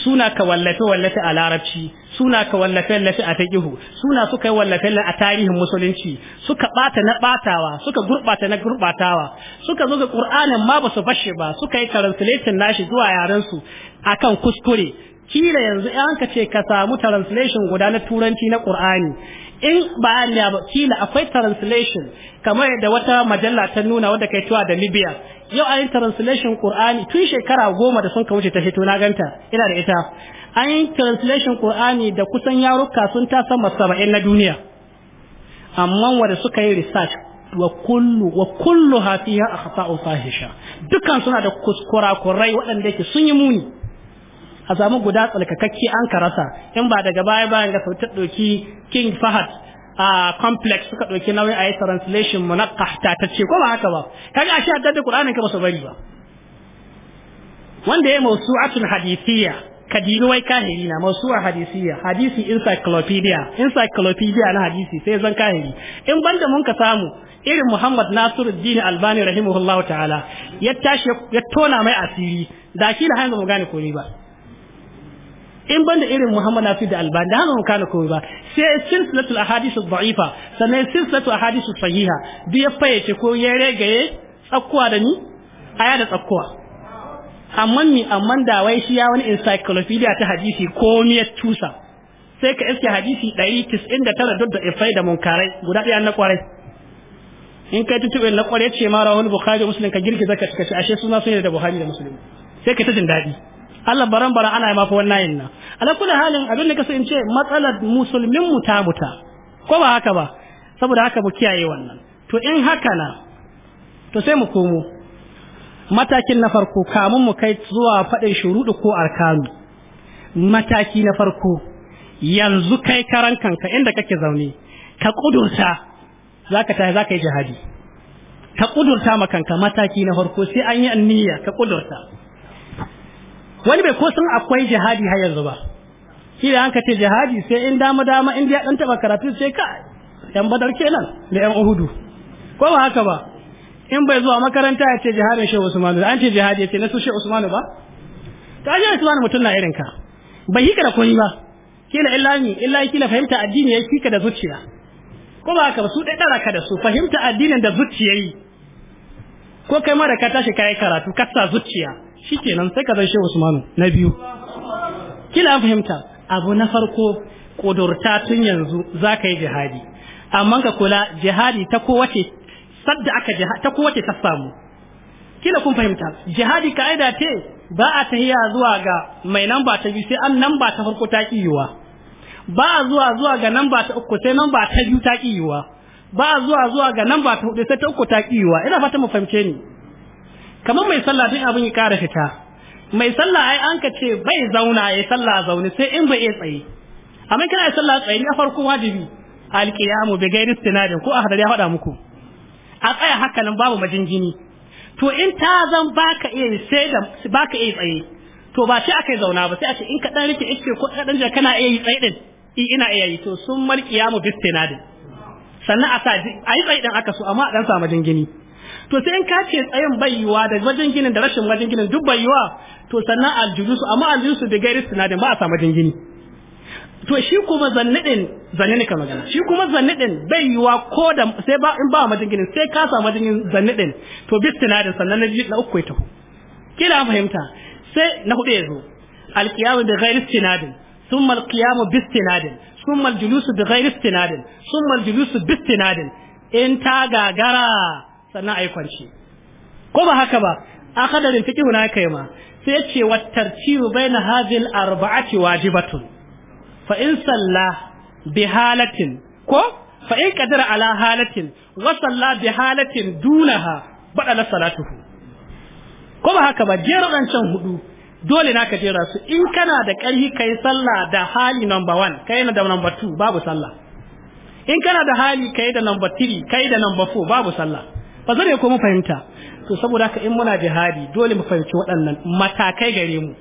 suna ka wallafe wallafe a larabci suna ka wallafe wallafe a taqihu suna suka yi wallafe a tarihin musulunci suka bata na batawa suka gurbata na gurbatawa suka zo ga qur'anin ma basu fashe ba suka yi translation nashi zuwa yaren su akan kuskure kila yanzu an ka ce ka samu translation guda na turanci na qur'ani in ba ya ba kila akwai translation kamar da wata majalla ta nuna wadda kai tuwa da Libya yau an translation Kur'ani tun shekara goma da sun ka wuce ta fito na ganta ina da ita an yi translation Qur'ani da kusan yaruka sun ta sama saba'in na duniya amma wanda suka yi research wa kullu wa kullu hafiya akhsa'u fahisha dukkan suna da kuskura kurai waɗanda yake sun yi muni a samu guda tsalkakakke an ka rasa in ba daga baya bayan ga sautar ɗauki king fahad a complex suka ɗauki nauyin a yi translation mu ta ce ko ba haka ba kaga a shi da qur'anin ka ba su bari ba wanda ya mawsu'atun hadisiyya kadiri wai kahiri na masuwa hadisiya hadisi encyclopedia encyclopedia na hadisi sai zan kahiri in banda mun ka samu irin Muhammad Nasiruddin Albani rahimahullahu ta'ala ya tashi ya tona mai asiri da shi da hanzu mu gane komai ba in ban da irin Muhammad nafi da Albani da haka kana koyi ba sai silsilatul ahadith ad-da'ifa sannan silsilatul ahadith sahiha biyu ya fayyace ko ya regaye tsakkuwa da ni aya da tsakkuwa amma mi amma da wai shi ya wani encyclopedia ta hadisi ko miyar tusa sai ka iske hadisi 199 duk da ifai da munkarai guda ɗaya na kwarai in kai tutube na kwarai ce ma rawul bukhari muslim ka girgiza ka tukaci ashe suna sun da buhari da muslim sai ka ta jin daɗi Allah baran baran ana yi mafi wannan yin nan ala kula halin abin da kasu in ce matsalar musulmin mu ta muta ko ba haka ba saboda haka mu kiyaye wannan to in haka na to sai mu komo matakin na farko kamun mu kai zuwa faɗin shuruɗu ko arkanu mataki na farko yanzu kai karan kanka inda kake zaune ka kudurta zaka tafi ka yi jihadi ka kudurta ma kanka mataki na farko sai an yi niyya ka kudurta wani bai ko san akwai jihadi har yanzu ba da an ka ce jihadi sai in dama dama in ya dan taba karatu sai ka yan badar kenan da yan uhudu ko ba haka ba in bai zuwa makaranta ya ce jihadin shehu usmanu an ce jihadi ya ce na su shehu usmanu ba ta ji usmanu mutum na irin ka bai yi da koyi ba kila illa ni illa kila fahimta addini ya kika da zuciya ko ba haka ba su dai dara ka da su fahimta addinin da zuciya yi ko kai ma da ka tashi kai karatu ka sa zuciya shikenan sai ka zan shehu usmanu na biyu kila an fahimta abu na farko kudurta tun yanzu za ka yi jihadi amma ka kula jihadi ta kowace sadda aka jihadi ta kowace ta samu kila kun fahimta jihadi ka'ida ce ba a tahiya zuwa ga mai namba ta biyu sai an namba ta farko ta kiyuwa ba a zuwa zuwa ga namba ta uku sai namba ta biyu ta kiyuwa ba a zuwa zuwa ga namba ta hudu sai ta uku ta kiyuwa ina fata mu fahimce ni kamar mai sallah duk abin ya kara fita mai sallah ai an ka ce bai zauna ya sallah zaune sai in bai iya tsaye amma kana sallah tsaye na farko wajibi alqiyamu bi ghairi istinadin ko ahadar ya faɗa muku a tsaya haka nan babu majingini to in ta zan baka iya sai da baka iya tsaye to ba sai akai zauna ba sai a ce in ka dan rike ice ko ka dan kana iya yi tsaye din in ina iya yi to sun mal qiyamu bi istinadin sannan a sa yi tsaye din aka so amma a dan samu majingini to sai in ka ce tsayin bayyuwa da wajen ginin da rashin wajen ginin duk bayyuwa to sannan aljulusu amma aljulusu da gairi sinadin ba a samu jingini to shi kuma zannadin zanne ne ka magana shi kuma zannadin bai yiwa ko da sai ba in ba ginin sai ka samu majingin zannadin to bis sinadin sannan na na uku ya taho kila fahimta sai na hudu ya zo bi ghairi sinadin ثم القيام bis ثم الجلوس بغير bi ثم الجلوس thumma aljulusu bis in ta gagara sannan a yi kwanci ko ba haka ba a kadarin fiqh na kai ma sai ce wa tartibu baina hadhihi arba'ati wajibatun fa in salla bi halatin ko fa in qadara ala halatin wa salla bi halatin dunaha badala salatuhu ko ba haka ba jeran can hudu dole na ka jera su in kana da ƙarfi ka yi sallah da hali number one ka yi da number two babu sallah in kana da hali ka yi da number three ka yi da number four babu sallah ba zai ko mu fahimta to saboda haka in muna jihadi dole mu fahimci waɗannan matakai gare mu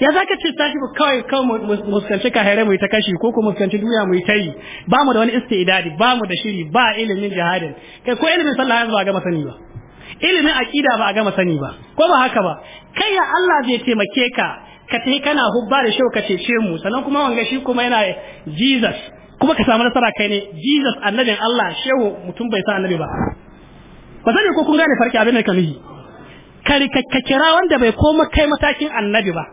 ya zaka ce tashi ba kawai kawai muskanci ka haire mu yi ta kashi ko ko muskanci duniya mu yi ta yi ba mu da wani istidadi ba mu da shiri ba ilimin jihadin kai ko ilimin sallah yanzu ba gama sani ba ilimin aqida ba gama sani ba ko ba haka ba kai ya Allah zai taimake ka ka tafi kana hubba da shau ka cece mu sannan kuma wanga shi kuma yana Jesus kuma ka samu nasara kai ne Jesus annabin Allah shehu mutum bai sa annabi ba ba sani ko kun gane farki abin da ka nuhi ka kira wanda bai koma kai matakin annabi ba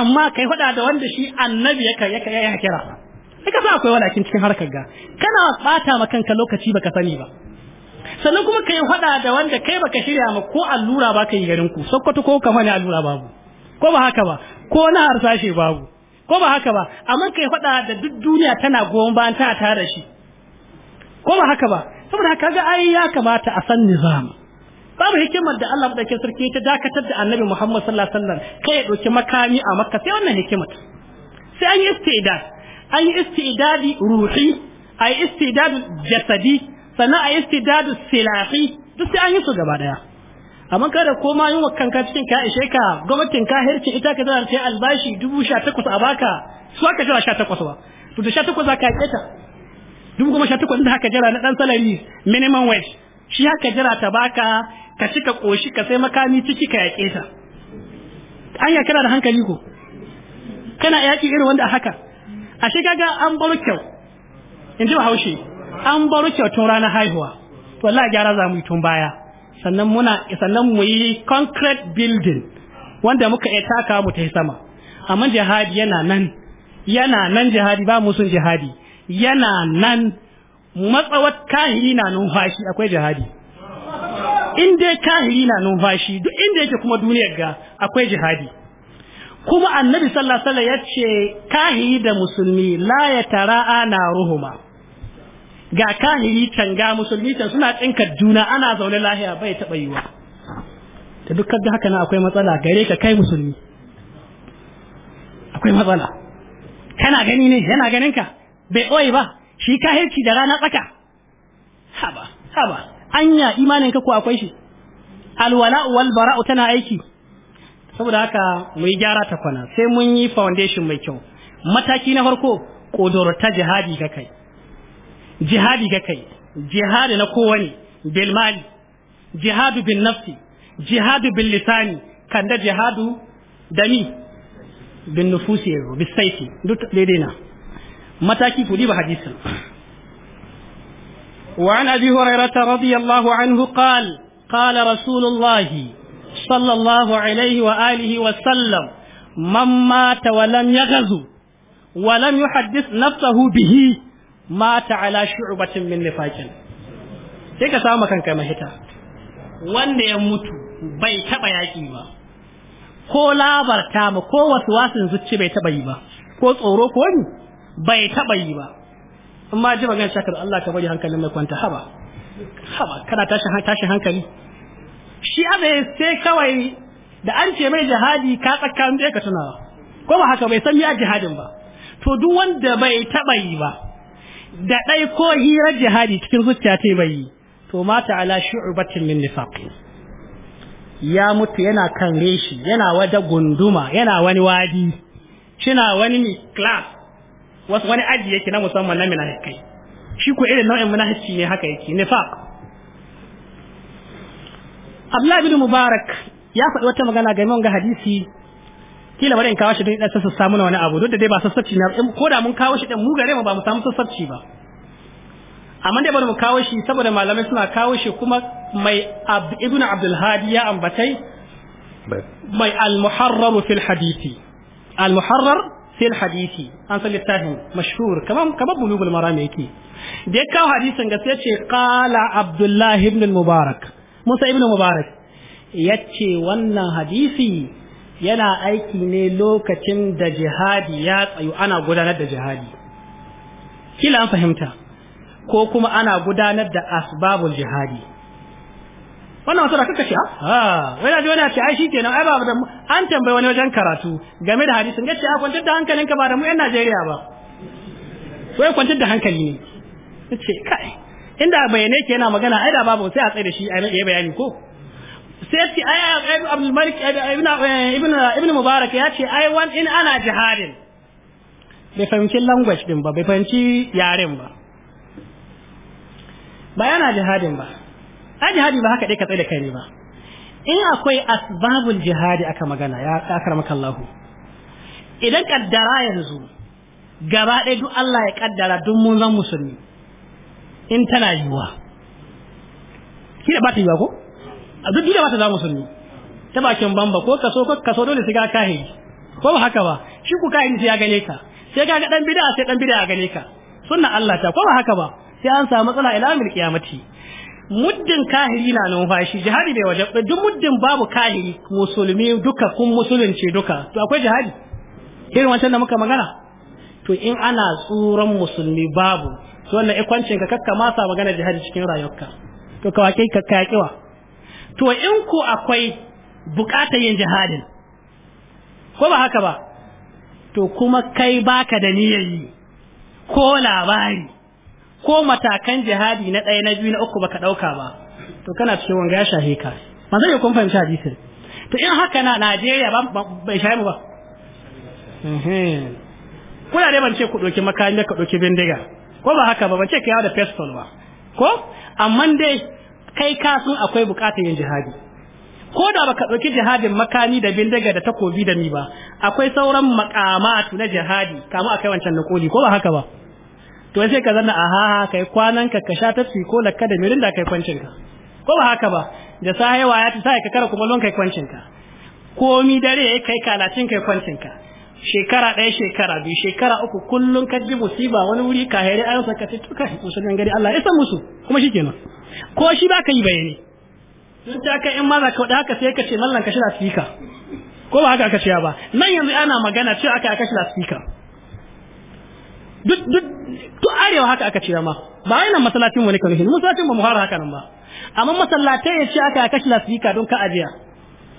amma kai fada da wanda shi annabi ya ya kira ka sa akwai walakin cikin harkar ga kana bata ma kanka lokaci baka sani ba sannan kuma kai fada da wanda kai baka shirya ma ko allura ba kai yi garin ku sokoto ko kamar allura babu ko ba haka ba ko na harsashe babu ko ba haka ba amma kai fada da duk duniya tana goyon bayan ta tare da shi ko ba haka ba saboda kaga ai ya kamata a san nizam babu hikimar da Allah madaukakin sarki ta dakatar da Annabi Muhammad sallallahu alaihi wasallam kai ya dauki makami a Makka sai wannan hikimar sai an yi istidad an yi istidadi ruhi ai istidad jasadi sannan a ai istidad silahi duk sai an yi su gaba daya amma kada ko ma yin kanka cikin ka ishe ka gwamnatin ka herce ita ka zara ce albashi dubu sha takwas a baka su aka jira sha takwas ba to da sha takwas za ka yi ta dubu goma sha takwas da haka jira na dan salari minimum wage shi haka jira ta baka ka ci ka koshi ka sai makami ciki ka yaƙe ta Anya ya kana da hankali ko kana yaƙi irin wanda haka a shi an baro kyau in ji haushi an baro kyau tun ranar haihuwa to gyara za mu yi tun baya sannan muna sannan mu yi concrete building wanda muka iya taka mu ta sama amma jihadi yana nan yana nan jihadi ba mu sun jihadi yana nan matsawar kahiri na numfashi akwai jihadi inda ya kahiri na numfashi duk inda yake kuma duniyar ga akwai jihadi kuma annabi sallasala ya ce kahiri da musulmi la ya tara ana ruhuma ga kahiri can ga musulmi can suna tsinkar juna ana zaune lahiya bai taɓa yiwa ta dukkan da haka na akwai matsala gare ka kai musulmi akwai matsala kana gani ne yana ganin ka bai ɓoye ba shi ka kahirci da rana tsaka haba haba anya imanin ka ko akwai shi alwala wal bara'u tana aiki saboda haka mu yi gyara ta kwana sai mun yi foundation mai kyau mataki na farko ta jihadi ga kai jihadi ga kai jihadi na kowane bilmali mali jihadu bin nafsi jihadu bin lisani kanda jihadu da ni bin nufusi bisaiti saifi duk daidai na mataki kuɗi ba hadisin وعن أبي هريرة رضي الله عنه قال قال رسول الله صلى الله عليه وآله وسلم من مات ولم يغزو ولم يحدث نفسه به مات على شعبة من نفاق sai ka samu kanka mahita wanda ya mutu bai taɓa yaƙi ba ko labarta ma ko wasu wasan zuci bai taɓa yi ba ko tsoro ko ni bai taba yi ba in ma ji magana shakar Allah ka bari hankalin mai kwanta haba haba kana tashi tashi hankali shi abe sai kawai da an ce mai jihadi ka tsakanin da ka tunawa ko ba haka bai san ya jihadin ba to duk wanda bai taɓa yi ba da dai ko hira jihadi cikin zuciya ta bai yi to mata ala shu'batin min nifaq ya mutu yana kan reshi yana wada gunduma yana wani wadi kina wani class wasu wani aji yake na musamman na munafikai shi ko irin nau'in munafici ne haka yake nifaq Abdullah bin Mubarak ya faɗi wata magana game ga hadisi kila bari in kawo shi don idan sassa samu wani abu duk da dai ba sassarci na ko da mun kawo shi din mu gare mu ba mu samu sassarci ba amma dai bari mu kawo shi saboda malamai suna kawo shi kuma mai ibnu abdul hadi ya ambatai mai al muharrar fil hadisi al muharrar fil hadisi an san littafin mashhur kamar kamar bulugul maram yake da ya kawo hadisin ga sai ce qala abdullahi ibn mubarak musa ibn mubarak yace wannan hadisi yana aiki ne lokacin da jihadi ya tsayu ana gudanar da jihadi kila an fahimta ko kuma ana gudanar da asbabul jihadi wannan wasu da kaka shi ha wai wani wani ce ai kenan ai ba da an tambayi wani wajen karatu game da hadisin gaske a kwantar da ka ba da mu yan Najeriya ba wai kwantar da hankali ne ce kai inda bayanai ke yana magana ai da babu sai a tsaye da shi a yi bayani ko sai ce ai Abdul eh, ibn ibn Mubarak ya ce ai wan in ana jihadin bai fahimci language din ba bai fahimci yaren ba ba yana jihadin ba ai jihadi ba haka dai ka tsaye da kai ne ba in akwai asbabul jihadi aka magana ya akramaka Allah idan kaddara yanzu gaba ɗaya duk Allah ya kaddara duk mun zan musulmi in tana yiwa kira ba ta yiwa ko a duk duniya ba ta zama musulmi ta bakin bamba ko kaso ko kaso dole su ga kahiri ko ba haka ba shi ku kahiri sai ya gane ka sai ga dan bid'a sai dan bid'a ya gane ka sunna Allah ta ko ba haka ba sai an samu matsala ila amil kiyamati muddin kahiri na numfashi jihadi bai waje duk muddin babu kahiri musulmi duka kun musulunci duka to akwai jihadi irin wancan da muka magana to in ana tsoron musulmi babu to wannan ikwancin ka kakka ma sa magana jihadi cikin rayuwarka to ka wake ka kakiwa to in ku akwai bukatar yin jihadin ko ba haka ba to kuma kai baka da niyyar yi ko labari ko matakan jihadi na ɗaya na biyu na uku baka ɗauka ba to kana cikin wanga ya shafe ka manzo zai kun fahimci hadisi to in haka na Najeriya ba bai shafe mu ba kuna dai ban ce ku ɗauki makami ka ɗauki bindiga ko ba haka ba ban ce ka da pistol ba ko amma dai kai ka sun akwai bukatar yin jihadi ko da baka ɗauki jihadin makami da bindiga da takobi da ni ba akwai sauran makamatu na jihadi kamu akai wancan nakoli ko ba haka ba to sai ka zanna a haha kai kwanan ka ka sha tafsi ko lakka da mirinda kai kwancin ka ko ba haka ba da sahewa ya ta sai ka kara kuma lon kai kwancin ka komi dare yayi kai kalacin kai kwancin ka shekara ɗaya shekara biyu shekara uku kullum ka ji musiba wani wuri ka hairi an saka ta tuka musulman gari Allah ya san musu kuma shikenan ko shi ba ka yi bayani sun ta kai in ma za ka haka sai ka ce mallan ka shi lasfika ko ba haka aka ce ba nan yanzu ana magana cewa aka aka shi lasfika duk duk arewa haka aka ce ma ba yana nan masallacin wani kare shi masallacin ba mu har haka nan ba amma masallatai ya ce aka kashi lasifika don ka ajiya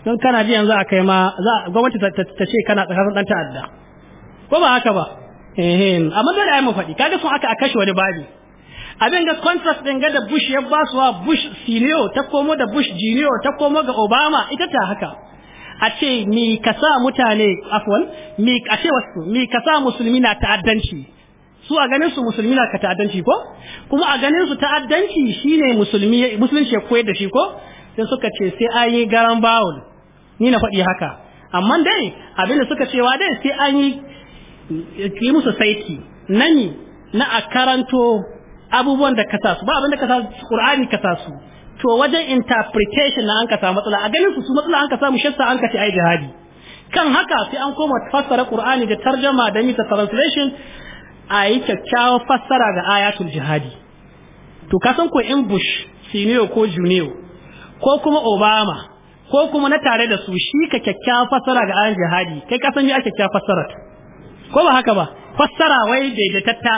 don kana ji yanzu a kai ma za gwamnati ta ce kana tsakanin dan ta'adda ko ba haka ba eh amma dole ai mu faɗi kaga sun aka kashi wani babi abin ga contrast din ga da Bush ya wa Bush senior ta komo da Bush junior ta komo ga Obama ita ta haka a ce mi ka sa mutane afwan mi a ce wasu mi ka sa musulmi na ta'addanci su a ganin su musulmi na ka ta'addanci ko kuma a ganin su ta'addanci shine musulmi musulunci ya koyar da shi ko sai suka ce sai an yi garan bawul ni na faɗi haka amma dai abin da suka cewa dai sai an yi yi musu saiti nani na a karanto abubuwan da kasa su ba abin da kasa su qur'ani kasa su to wajen interpretation na an ka samu matsala a ganin su su matsala an ka samu shassa an ka ce ai jihadi kan haka sai an koma fassara qur'ani da tarjama da mita translation a yi kyakkyawar fassara ga ayatul jihadi to kasan ko in bush senior ko junior ko kuma obama ko kuma na tare da su shi ka kyakkyawar fassara ga ayatul jihadi kai kasan ya kyakkyawar fassara ko ba haka ba fassara wai daidaitatta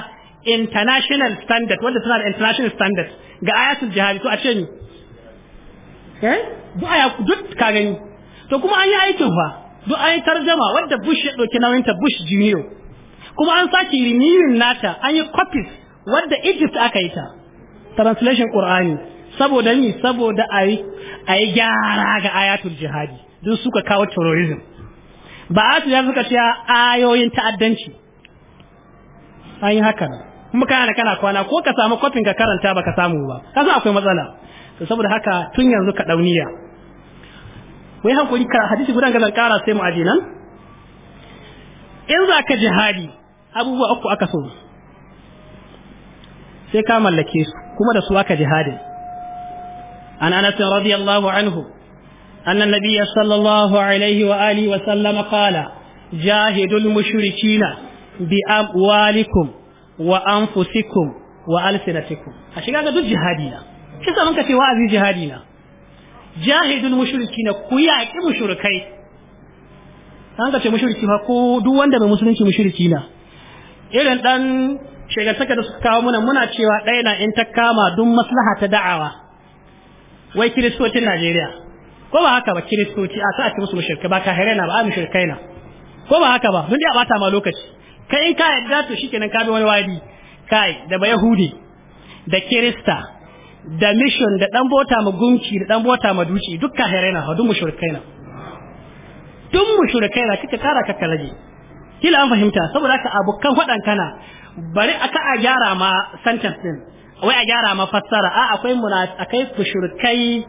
international standard wanda suna da international standard ga ayatul jihadi to a ce ni eh duk aya duk ka gani to kuma an yi aikin fa duk an yi tarjama wanda bush ya dauki nauyin ta bush junior kuma an sake rinirin nata an yi copies wadda Egypt aka yi ta translation Qur'ani saboda ni saboda ayi gyara ga ayatul jihadi don suka kawo terrorism ba a ya suka ce ayoyin ta'addanci an yi haka kuma kana kana kwana ko ka samu kofin ka karanta baka samu ba kasa akwai matsala to saboda haka tun yanzu ka dauniya wai hankali ka hadisi gudan ga zan kara sai mu aje nan in za ka jihadi abubuwa uku aka so sai ka mallake su kuma da su aka jihadin an anas radiyallahu anhu أن النبي صلى الله عليه وآله وسلم قال جاهدوا المشركين بأموالكم وأنفسكم وألسنتكم أشياء هذا جهادنا كيف أنك في وعظ جهادنا جاهدوا المشركين كياك مشركين an ka ce mashirki fa ko duk wanda bai musulunci mashirki na irin dan saka da suka kawo muna muna cewa ɗaya na in ta kama duk maslaha ta da'awa wai kiristocin Najeriya ko ba haka ba kiristoci a sa'a ce musu mashirka ba kahirai na ba a mushrikai na ko ba haka ba mun dai a bata ma lokaci kai in ka yadda to kenan ka bi wani wadi kai da ba yahudi da kirista da mission da dan bota ma gunki da dan bota ma duci duk kahirai na duk mushrikai na duk mushrikai na kika kara ka kalaje kila an fahimta saboda haka abokan faɗan kana bari aka a gyara ma sentence din wai a gyara ma fassara a akwai muna akwai kushurkai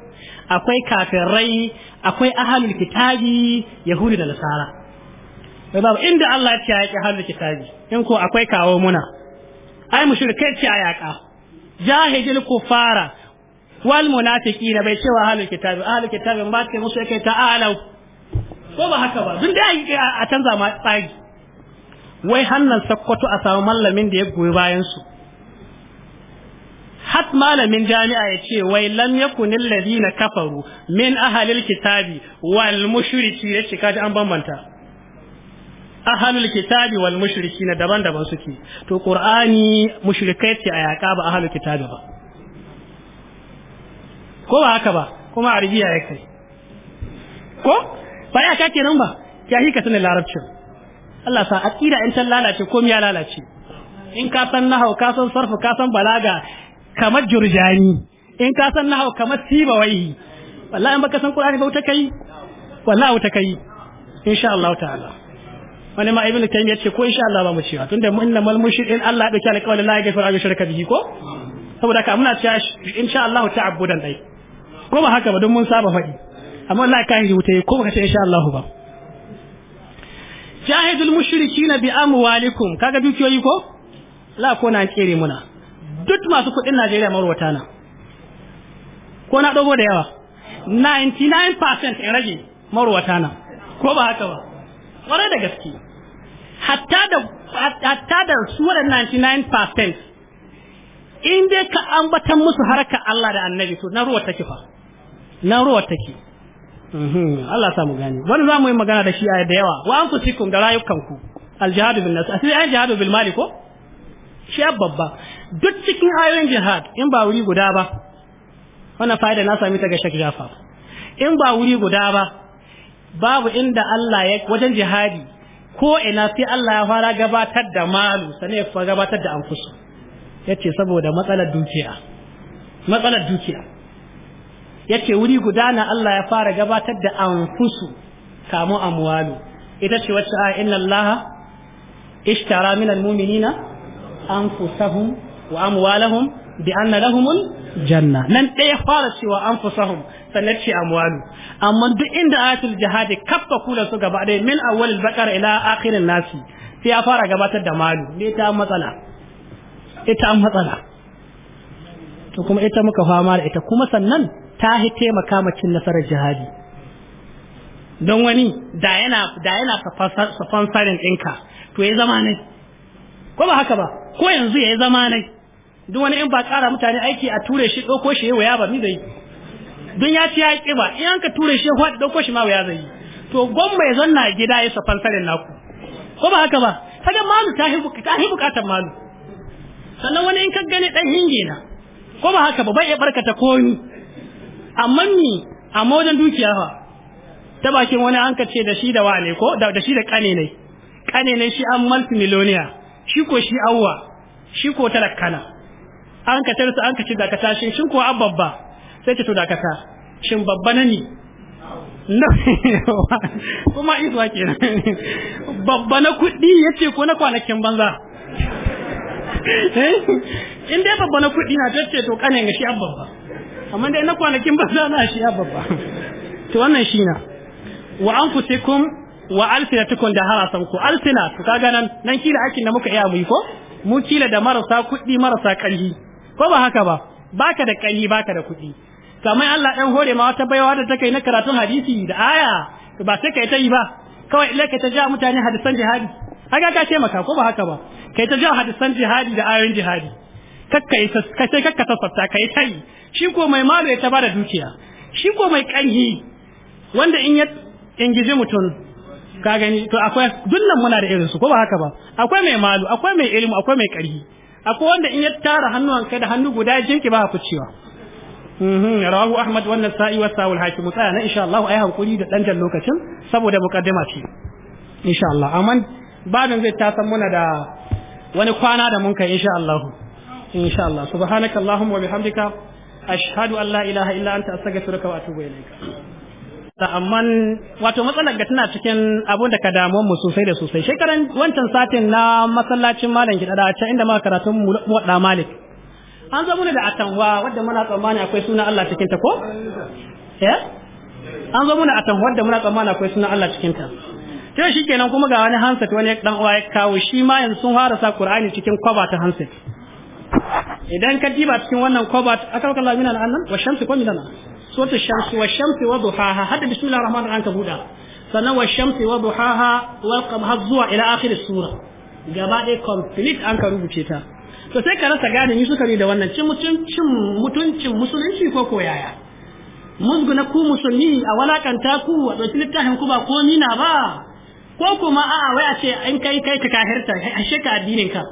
akwai kafirai akwai ahlul kitabi yahudi da nasara wai babu inda Allah ya ce ya ki ahlul kitabi in ko akwai kawo muna ai mushrikai ce a yaka jahilul kufara wal munafiqina bai cewa ahlul kitabi ahlul kitabi ba ta musu yake ta'alau ko ba haka ba dun dai a canza ma tsagi wai hannan sakkwato a samu mallamin da ya goyi bayan su hat malamin jami'a ya ce wai lam yakunil ladina kafaru min ahalil kitabi wal mushriki ya ce an bambanta ahalul kitabi wal mushriki na daban-daban suke to qur'ani mushrikai ce a yaƙa ba ahalul kitabi ba ko ba haka ba kuma arabiya ya kai ko ba ya ka kenan ba ya hika sunan larabcin Allah sa aqida in ta lalace komai ya lalace in ka san nahau ka san sarfu ka san balaga kamar jurjani in ka san nahau kamar sibawai wallahi in baka san qur'ani ba wuta kai wallahi wuta kai insha Allah ta'ala wani ma ibnu taymiya ce ko insha Allah ba mu cewa tunda mun na mal mushrikin Allah da kyale kawai la ya gafara ga shirka bihi ko saboda ka muna cewa insha Allah ta'abbudan dai ko ba haka ba don mun saba faɗi amma wallahi kai wuta ko baka ce insha Allah ba jahidul mushrikina bi amwalikum kaga dukiyoyi ko la ko na kere muna duk masu kudin Najeriya marwata na ko na dogo da yawa 99% in rage marwata na ko ba haka ba kware da gaske hatta da hatta da su waɗannan 99% in dai ka ambatan musu harka Allah da Annabi to na ruwa take fa na ruwa take Mhm. Allah samu gani wani za mu yi magana da shi a da yawa wa an fusikun da rayukanku aljihadu bin nasu asali an jihadu bil mali ko shi babba duk cikin ayoyin jihad in ba wuri guda ba wannan fa'ida na sami ta ga shak jafa in ba wuri guda ba babu inda Allah ya wajen jihadi ko ina sai Allah ya fara gabatar da malu sane ya fara gabatar da an kusu yace saboda matsalar dukiya matsalar dukiya yace wuri guda na Allah ya fara gabatar da anfusu kamu amwalu ita ce wacce a inna Allah ishtara min almu'minina anfusahum wa amwalahum bi anna lahumul janna nan ɗaya fara cewa anfusahum sannan ce amwalu amma duk inda ayatul jihadi kaffa kula su gaba ɗaya min awwalil baqara ila akhirin nasi sai ya fara gabatar da malu ne ta matsala ita an matsala to kuma ita muka fama da ita kuma sannan ta hi taimaka cin nasarar jihadi don wani da yana da yana sponsoring ɗinka to ya zama ne ko ba haka ba ko yanzu ya zama ne duk wani in ba ƙara mutane aiki a ture shi ɗauko shi waya ba mi zai don ya ci ya yi ba in an ka ture shi ya ɗauko shi ma waya zai to gwamma ya zanna gida ya sponsoring naku ko ba haka ba kaga malu ta hi bukatar malu sannan wani in ka gani ɗan hinge na ko ba haka ba bai ya barkata komi amma ni a wajen dukiya fa ta bakin wani an ce da shi da wane ko da shi da kane ne kane ne shi an multi millionaire shi ko shi awwa shi ko talakkana an kace tarsa an kace ce dakata shin shin ko babba sai ta to dakata shin babba na ni (laughs) kuma isuwa ke (laughs) babba na kuɗi ya ce ko na kwanakin banza (laughs) eh? in dai babba na kuɗi na ce to kane ga shi babba. amma dai na kwanakin (laughs) ba za na shi babba to wannan shi na wa anfusikum wa alsinatukum da harasan ku alsina ku kaga nan nan kila aikin da muka iya mu ko mu kila da marasa kuɗi marasa ƙarfi ko ba haka ba baka da ƙarfi baka da kuɗi kamar Allah ɗan hore ma wata baiwa da take na karatun hadisi da aya ba sai kai ta yi ba kawai ilai ka ta ja mutane hadisan jihadi haka ka ce maka ko ba haka ba kai ta ja hadisan jihadi da ayoyin jihadi kakka yi sai kakka sassafta kai tai shi ko mai malo ya da dukiya shi ko mai kanhi wanda in ya ingije mutum ka gani to akwai dukkan muna da irin su ko ba haka ba akwai mai malu akwai mai ilimi akwai mai karhi akwai wanda in ya tara kai da hannu guda jinki ba ciwa mhm rawahu ahmad wannan sa'i wa sa'ul hakim tsaya na insha Allah ai hankuri da dan jan lokacin saboda mukaddima ce insha Allah amma babin zai ta san muna da wani kwana da mun kai insha Allah insha Allah subhanakallahumma wa bihamdika ashhadu an la ilaha illa anta astaghfiruka wa atubu ilaik amman wato matsalar ga tana cikin abun da ka damu mu sosai da sosai shekaran wancan satin na masallacin malam gidada a can inda muka karatu mu wadda malik an zo zama da atanwa wadda muna tsammani akwai sunan Allah cikin ta ko eh an zo muna atanwa wadda muna tsammani akwai sunan Allah cikin ta to shikenan kuma ga wani handset wani dan uwa ya kawo shi ma yanzu sun fara sa Qur'ani cikin kwaba ta hansa idan ka diba cikin wannan kobat aka kalla min al'annan wa shamsi ko min al'annan suratul shamsi wa shamsi wa duhaha hadda bismillahir rahmanir rahim ka buda sannan wa shamsi wa duhaha wal qamar zuwa ila akhir sura gaba dai complete an ka rubuce ta to sai ka rasa gane ni suka ne da wannan cin mutuncin mutuncin musulunci ko ko yaya musguna ku musulmi a walakanta ku a ɗauki littafin ku ba ko nina ba ko kuma a'a wai a ce in kai kai ka kahirta ashe ka addinin ka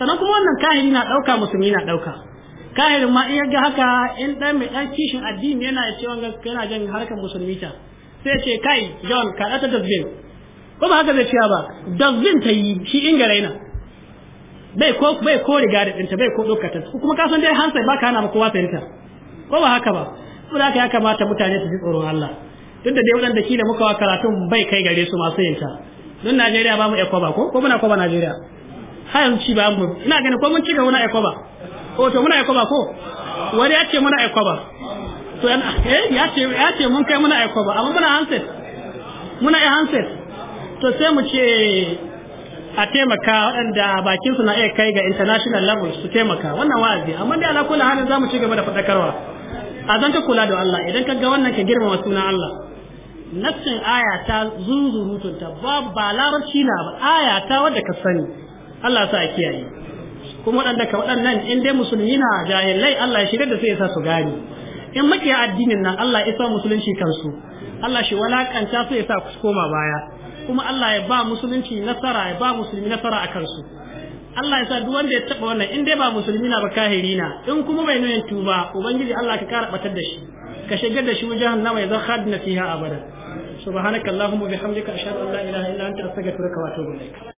sannan kuma wannan kahiri na ɗauka musulmi na ɗauka kahirin ma iya ga haka in ɗan mai ɗan kishin addini yana ya ce wanga yana jan harkar musulmi ta sai ce kai john ka ɗata dazbin ko ba haka zai ciya ba dazbin ta yi shi ingarai na bai ko bai ko riga da ɗinta bai ko ɗaukata kuma ka san dai hansai ba ka hana ma kowa fahimta ko ba haka ba saboda haka ya kamata mutane su ji tsoron Allah duk da dai waɗanda da muka wa karatun bai kai gare su masu yinta don Najeriya ba mu iya kwaba ko ko muna kwaba Najeriya har yanzu ci ba mu ina ganin ko mun ci gaba aiko ba ko oh, to muna aiko ba ko wani ya ce muna aiko ba to eh ya ce ya ce mun kai muna aiko ba amma muna handset muna ai handset to sai mu ce a taimaka waɗanda bakin su na iya kai ga international level su taimaka wannan wa'azi amma dai ala kullu halin zamu ci gaba da fadakarwa a zan ka kula da Allah idan ka ga wannan ka girmama sunan Allah nassin aya ta zunzurutun ta ba larabci na ba aya ta wadda ka sani Allah sa kiyaye kuma waɗanda ka waɗannan in dai musulmi na jahilai Allah ya shirya da sai ya sa su gane in makiya addinin nan Allah ya sa musulunci kansu Allah shi walakanta su ya sa su koma baya kuma Allah ya ba musulunci nasara ya ba musulmi nasara a kansu Allah ya sa duk wanda ya taɓa wannan in dai ba musulmi na ba kahiri na in kuma bai nuna tuba ubangiji Allah ka kara batar da shi ka shigar da shi wajen nawa ya zan da fiha abada subhanakallahumma bihamdika ashhadu an la ilaha illa anta astaghfiruka wa atubu ilaik